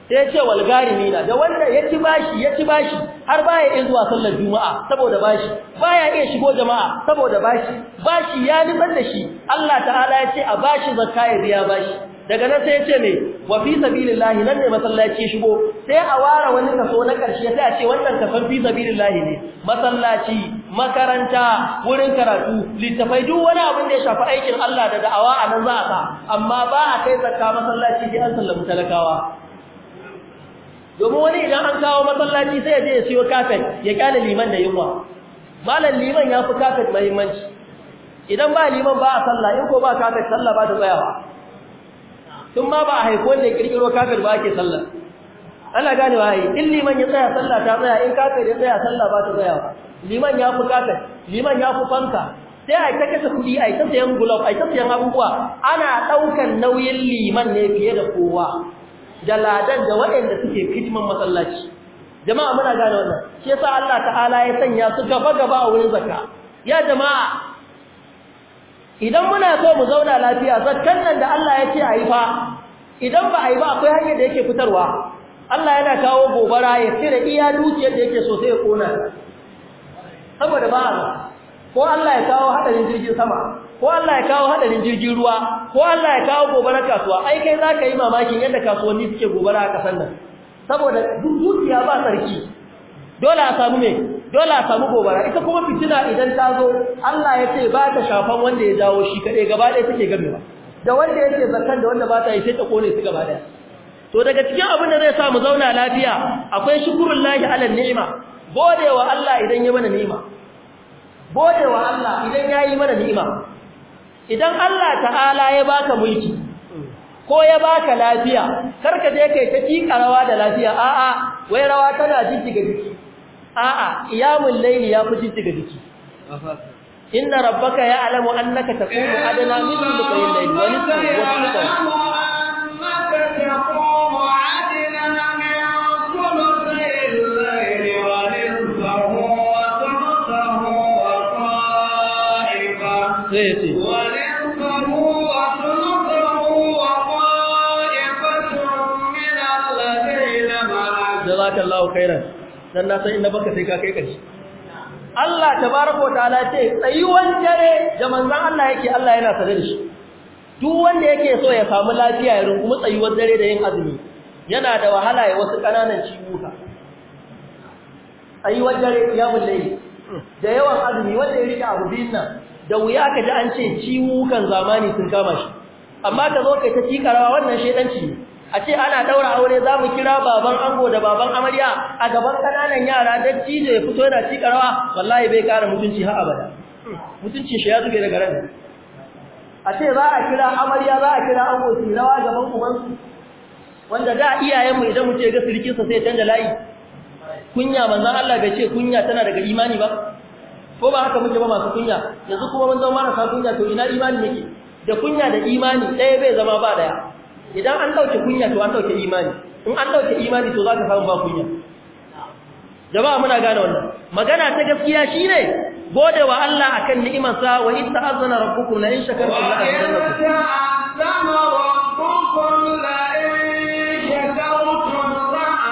sai ya ce wal na da wannan ya ci bashi ya bashi har baya iya zuwa sallar juma'a saboda bashi baya iya shigo jama'a saboda bashi bashi ya ni da shi Allah ta'ala ya ce a bashi zakka ya bashi daga nan sai ya ce me wa fi sabilillahi nan ne masallaci shigo sai a wara wani kaso na karshe sai a ce wannan kason fi sabilillahi ne masallaci makaranta wurin karatu littafai duk wani abin da ya shafi aikin Allah da da'awa a nan za a sa amma ba a kai zakka masallaci sai an sallama talakawa domin wani idan an kawo masallaci sai yaje ya siyo kafet ya kyale liman da yunwa malam liman ya fi kafet mahimmanci idan ba liman ba a sallah in ko ba kafet sallah ba ta tsayawa tun ma ba a haifu wanda ya kirkiro kafet ba ake sallah ana gane wa in liman ya tsaya sallah ta tsaya in kafet ya tsaya sallah ba ta tsayawa liman ya fi kafet liman ya fi fanka sai a ta kasa kudi a ta sayan gulob a ta sayan abubuwa ana ɗaukan nauyin liman ne fiye da kowa da ladan da waɗanda suke hidiman masallaci jama'a muna gane wannan shi yasa Allah ta'ala ya sanya su gaba gaba a wurin zakka ya jama'a idan muna so mu zauna lafiya zakkan nan da Allah ya ce a yi fa idan ba a yi ba akwai hanyar da yake fitarwa Allah yana kawo gobara ya tsira iya dukiyar da yake so ya kona saboda ba ko Allah ya kawo hadarin jirgin sama ko Allah ya kawo hadarin jirgin ruwa ko Allah ya kawo gobarar kasuwa ai kai za ka yi mamakin yadda kasuwanni suke gobara a kasan nan saboda dukiya ba sarki dole a samu me dole a samu gobara ita kuma fitina idan ta zo Allah ya ce ba ta shafan wanda ya dawo shi kadai gaba ɗaya take gamewa da wanda yake zakan da wanda ba ta yi sai ta kone su gaba ɗaya to daga cikin abin da zai sa mu zauna lafiya akwai shukrullahi ala ni'ima godewa Allah idan ya mana ni'ima godewa Allah idan ya yi mana ni'ima idan Allah ta'ala ya baka mulki ko ya baka lafiya karka je kai ta kika rawa da lafiya a'a wai rawa tana ga jiki a'a iyamul layli ya fi ga jiki inna rabbaka ya'lamu annaka taqumu adna min thuluthayil layli wa nisfahu wa thuluthahu khairan dan na san in na baka sai ka kai kashi Allah tabaraka wa ta'ala ce tsayuwan dare da manzon Allah yake Allah yana sare da shi duk wanda yake so ya samu lafiya ya rungumi tsayuwan dare da yin azumi yana da wahala ya wasu kananan ciwuka tsayuwan dare ya mulai da yawan azumi wanda ya rike abu nan da wuya ka ji an ce ciwukan zamani sun kama shi amma ka zo kai ta tikarawa wannan shedanci a ce ana daura aure za mu kira baban ango da baban amarya a gaban kananan yara don cije ya fito yana cika rawa wallahi bai kara mutunci har abada mutuncin shi ya zube daga ran a ce za a kira amarya za a kira ango su rawa gaban ubansu wanda da iyayenmu idan mu ce ga sirkin sa sai canja layi kunya manzon Allah bai ce kunya tana daga imani ba ko ba haka muke ba masu kunya yanzu kuma mun zama marasa kunya to ina imani yake da kunya da imani ɗaya bai zama ba daya idan an dauke kunya to an dauke imani in an dauke imani to za ka samu ba kunya jama'a muna gane wannan magana ta gaskiya shine gode wa Allah akan ni'imarsa wa in ta'azzana rabbukum la in shakartum la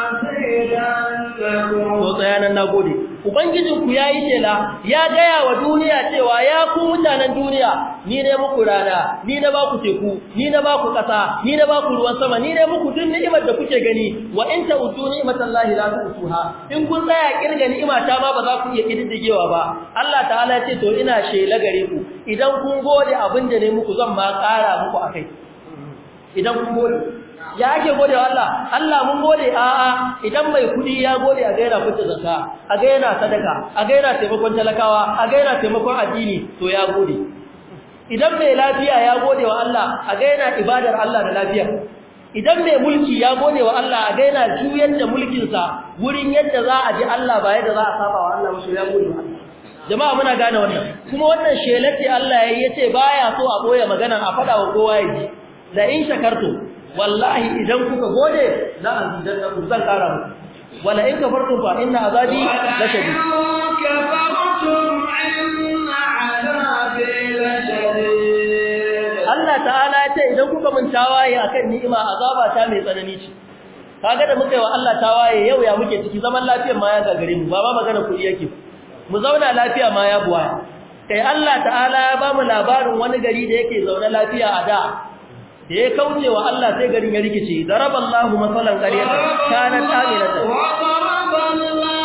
azidannakum to tsayanan nagode ubangijinku ya yi shela ya gaya wa duniya cewa ya ku mutanen duniya ni ne muku rana ni na baku teku ni na baku ƙasa ni na baku ruwan sama ni ne muku duk ni'imar da kuke gani wa in ta ta'udu ni'matallahi la tusuha in kun tsaya kirga ni'ima ta ma ba za ku iya kididdigewa ba Allah ta'ala ya ce to ina shela gare ku idan kun gode abin da ne muku zan ma ƙara muku akai idan kun gode ya ake gode wa Allah Allah mun gode a'a idan mai kudi ya gode a gaira kuce zakka a gaira sadaka a gaira taimakon talakawa a gaira taimakon addini to ya gode idan mai lafiya ya gode wa Allah a gaira ibadar Allah da lafiya idan mai mulki ya gode wa Allah a gaira juyar da mulkinsa wurin yadda za a ji Allah ba yadda za a saba wa Allah mushi ya gode wa Allah jama'a muna gane wannan kuma wannan shelati Allah ya yace baya so a boye magana a fada wa kowa yaji la in shakartu wallahi idan kuka gode la azidannakum zan kara muku wala in ka kafartum fa inna azabi la shadid Allah ta'ala ya ce idan kuka mun tawaye akan ni'ima azaba ta mai tsanani ce kaga da muka yi wa Allah tawaye yau ya muke ciki zaman lafiyar ma ya gagare mu ba ba magana kuɗi yake mu zauna lafiya ma ya buwa kai Allah ta'ala ya ba mu labarin wani gari da yake zaune lafiya a da da ya kauce wa Allah sai garin ya rikice daraballahu masalan qaryatan kanat aminatan wa daraballahu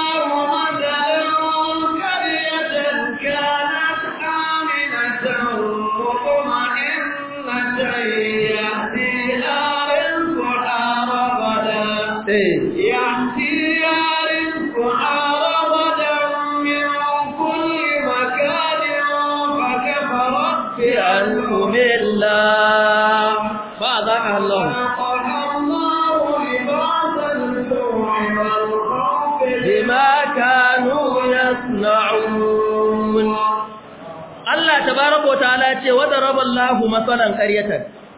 ce wa daraba masalan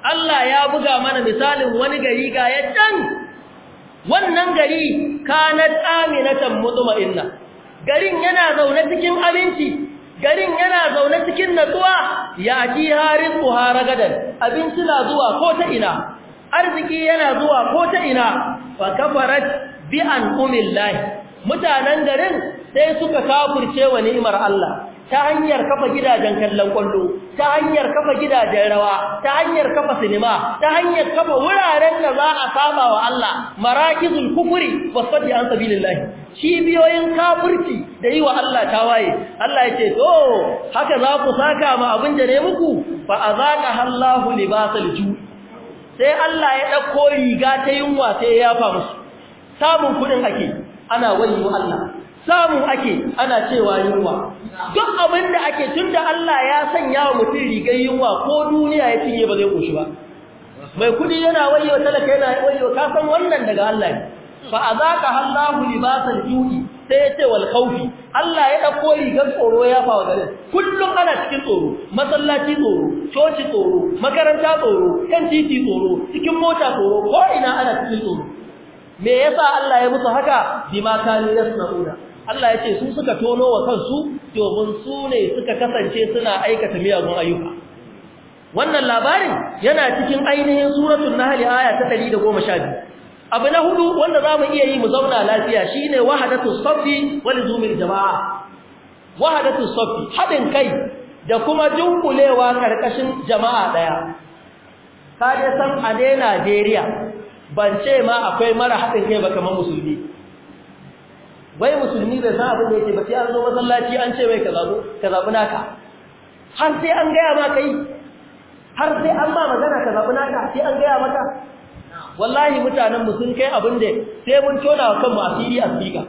Allah ya buga mana misalin wani gari ga yaddan wannan gari kanat aminatan inna? garin yana zaune cikin abinci? garin yana zaune cikin natsuwa ya ji harin buharagadan abinci na zuwa ko ta ina arziki yana zuwa ko ta ina fa kafarat bi an umillahi mutanen garin sai suka kafurce wa ni'imar Allah ta hanyar kafa gidajen kallon kwallo ta hanyar kafa gidajen rawa ta hanyar kafa sinima ta hanyar kafa wuraren da za a saba wa Allah marakizul kufri sadi an sabilillah cibiyoyin kafirci da yi wa Allah tawaye Allah ya ce to haka za ku saka ma abin da ne muku fa azaka Allahu libasal ju sai Allah ya dauko riga ta yunwa sai ya fa musu samun kudin ake ana wani Allah samu ake ana cewa yunwa duk abin da ake tunda Allah ya sanya wa mutum rigar yunwa ko duniya ya cinye ba zai koshi ba mai kudi yana wayewa talaka yana wayewa ka san wannan daga Allah ne fa azaka Allahu libasal ju'i sai ya ce wal khawfi Allah ya dauko rigar tsoro ya wa gare kullum ana cikin tsoro masallaci tsoro coci tsoro makaranta tsoro kan titi tsoro cikin mota tsoro ko ina ana cikin tsoro me yasa Allah ya musu haka bima kanu yasnauna Allah ya ce su suka tono wa kansu domin su ne suka kasance suna aikata miyagun ayyuka wannan labarin yana cikin ainihin suratul nahl aya ta 112 abu na hudu wanda zamu iya yi mu zauna lafiya shine wahadatus safi wani zumil jamaa wahadatus safi haɗin kai da kuma junkulewa karkashin jama'a ɗaya. ka dai san a dai Najeriya ban ce ma akwai mara haɗin kai ba kamar musulmi bai musulmi bai san abin da yake ba sai an zo masallaci an ce mai ka zabu ka zabu naka har sai an gaya ma kai har sai an ma magana ka zabu naka sai an gaya maka wallahi mutanen mu sun kai abin da sai mun tona wa kanmu asiri asika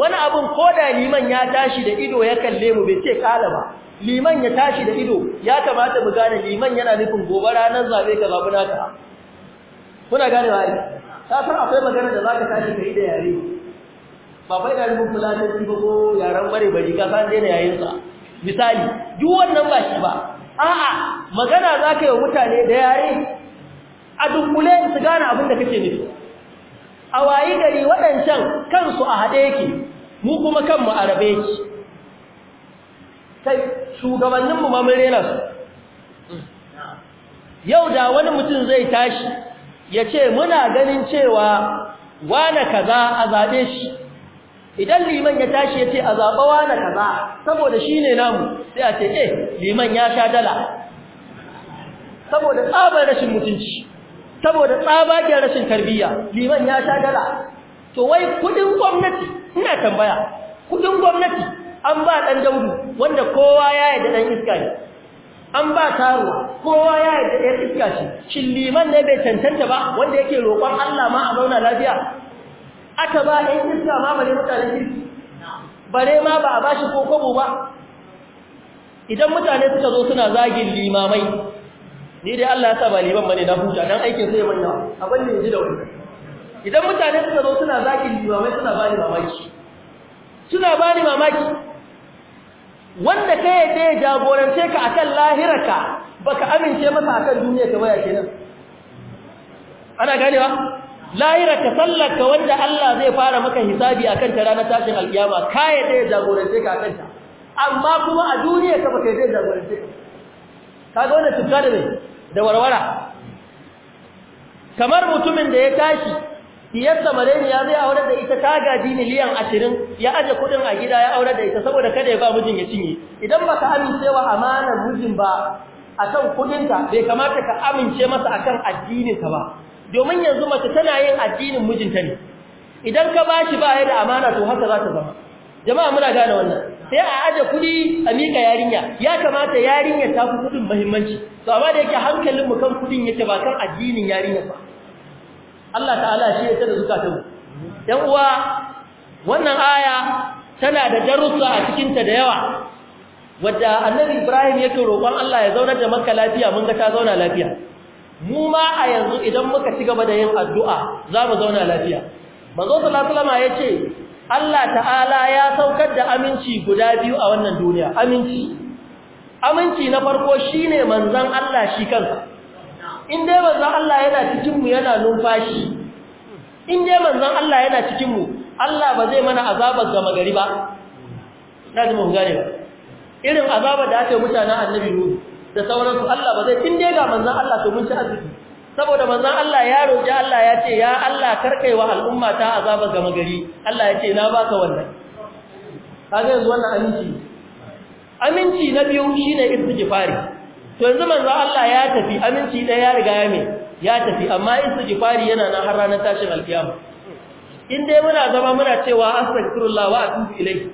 wani abin ko da liman ya tashi da ido ya kalle mu bai ce kala ba liman ya tashi da ido ya kamata mu gane liman yana nufin gobe ranar zabe ka zabu naka kuna gane ba ai ka san akwai magana da zaka tashi kai da yare ba fa ina nufin fulatanci ba ko yaren bare bari ka san daina yayin sa misali duk wannan ba shi ba a'a magana za ka yi mutane da yare a dunkule su gane abin da kake nufi a wayi gari waɗancan kansu a haɗe yake mu kuma kanmu a rabe yake kai shugabanninmu ma mun rena su yau da wani mutum zai tashi ya ce muna ganin cewa wane kaza a zaɓe shi idan liman ya tashi ya ce a zaɓa wani kaza saboda shi ne namu sai a ce eh liman ya sha dala saboda tsabar rashin mutunci saboda tsabagen rashin tarbiyya liman ya sha dala to wai kudin gwamnati ina tambaya kudin gwamnati an ba ɗan daudu wanda kowa ya yi da ɗan iska ne an ba taruwa kowa ya yi da ɗan iska ce shin liman ne bai cancanta ba wanda yake roƙon Allah ma a zauna lafiya aka ba ɗan iska ma bare mutane kirki bare ma ba a ba shi kokobo ba idan mutane suka zo suna zagin limamai ni dai Allah ya sa ba liman bane na huta dan aikin sai manya abin da ji da wani idan mutane suka zo suna zagin limamai suna ba ni mamaki suna ba ni mamaki wanda kai ya je jagorance ka akan lahirarka baka amince masa akan duniyarka ba ya kenan ana ganewa lahira ka sallaka wanda Allah zai fara maka hisabi akan ta ranar tashin alkiyama kai dai jagorance ka akan ta amma kuma a duniya ka baka dai jagorance ka ga wannan tuka da da warwara kamar mutumin da ya tashi diyarsa ya zai aure da ita ta gaji miliyan 20 ya aje kudin a gida ya aure da ita saboda kada ya ba mijin ya cinye idan amince wa amanar mijin ba akan ka bai kamata ka amince masa akan addinin ka ba domin yanzu mace tana yin addinin mijinta ne idan ka bashi ba ya da amana to haka za ta zama jama'a muna gane wannan sai a aje kudi a mika yarinya ya kamata yarinya ta fi kudin muhimmanci to amma da yake hankalin mu kan kudin yake ba kan addinin yarinya ba Allah ta'ala shi ya tada mu. Yan uwa wannan aya tana da darussa a cikin ta da yawa wadda annabi Ibrahim yake roƙon Allah ya zaunar da Makka lafiya mun ga ta zauna lafiya mu ma a yanzu idan muka ci gaba da yin addu'a za mu zauna lafiya manzo sallallahu alaihi wasallam yace Allah ta'ala ya saukar da aminci guda biyu a wannan duniya aminci aminci na farko shine manzon Allah shi kansa in dai manzon Allah yana cikin mu yana numfashi in dai manzon Allah yana cikin mu Allah ba zai mana azabar gama gari ba na ji mun gane ba irin azabar da ake mutanen annabi Nuhu da sauransu Allah ba zai tinde ga manzon Allah to mun ci arziki saboda manzon Allah ya roki Allah ya ce ya Allah karkaiwa al'umma ta azaba gama gari Allah ya ce na baka wannan kaga yanzu wannan aminci aminci na biyu shine istighfari to yanzu manzon Allah ya tafi aminci da ya riga ya me ya tafi amma istighfari yana nan har ranar tashin alkiyama in dai muna zama muna cewa astaghfirullah wa atubu ilayhi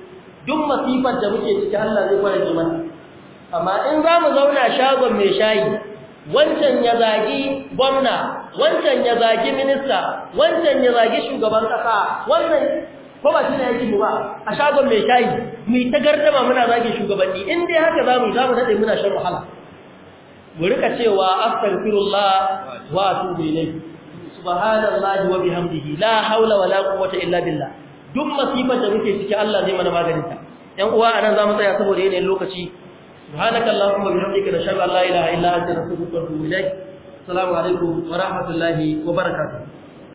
duk masifar da muke ciki Allah zai fara ji mana amma in za mu zauna shagon mai shayi wancan ya zagi gwamna wancan ya zagi minista wancan ya zagi shugaban kasa wannan ko ba shi ne yake ba a shagon mai shayi mu ta gardama muna zagi shugabanni in dai haka za mu za mu dade muna shan wahala mu rika cewa astaghfirullah wa atubu ilayhi subhanallahi wa bihamdihi la hawla la quwwata illa billah duk masifar da muke ciki Allah zai mana magani ta Ƴan uwa anan za mu tsaya saboda yanayin lokaci سبحانك اللهم وبحمدك نشهد ان لا اله الا انت نستغفرك ونتوب اليك السلام عليكم ورحمه الله وبركاته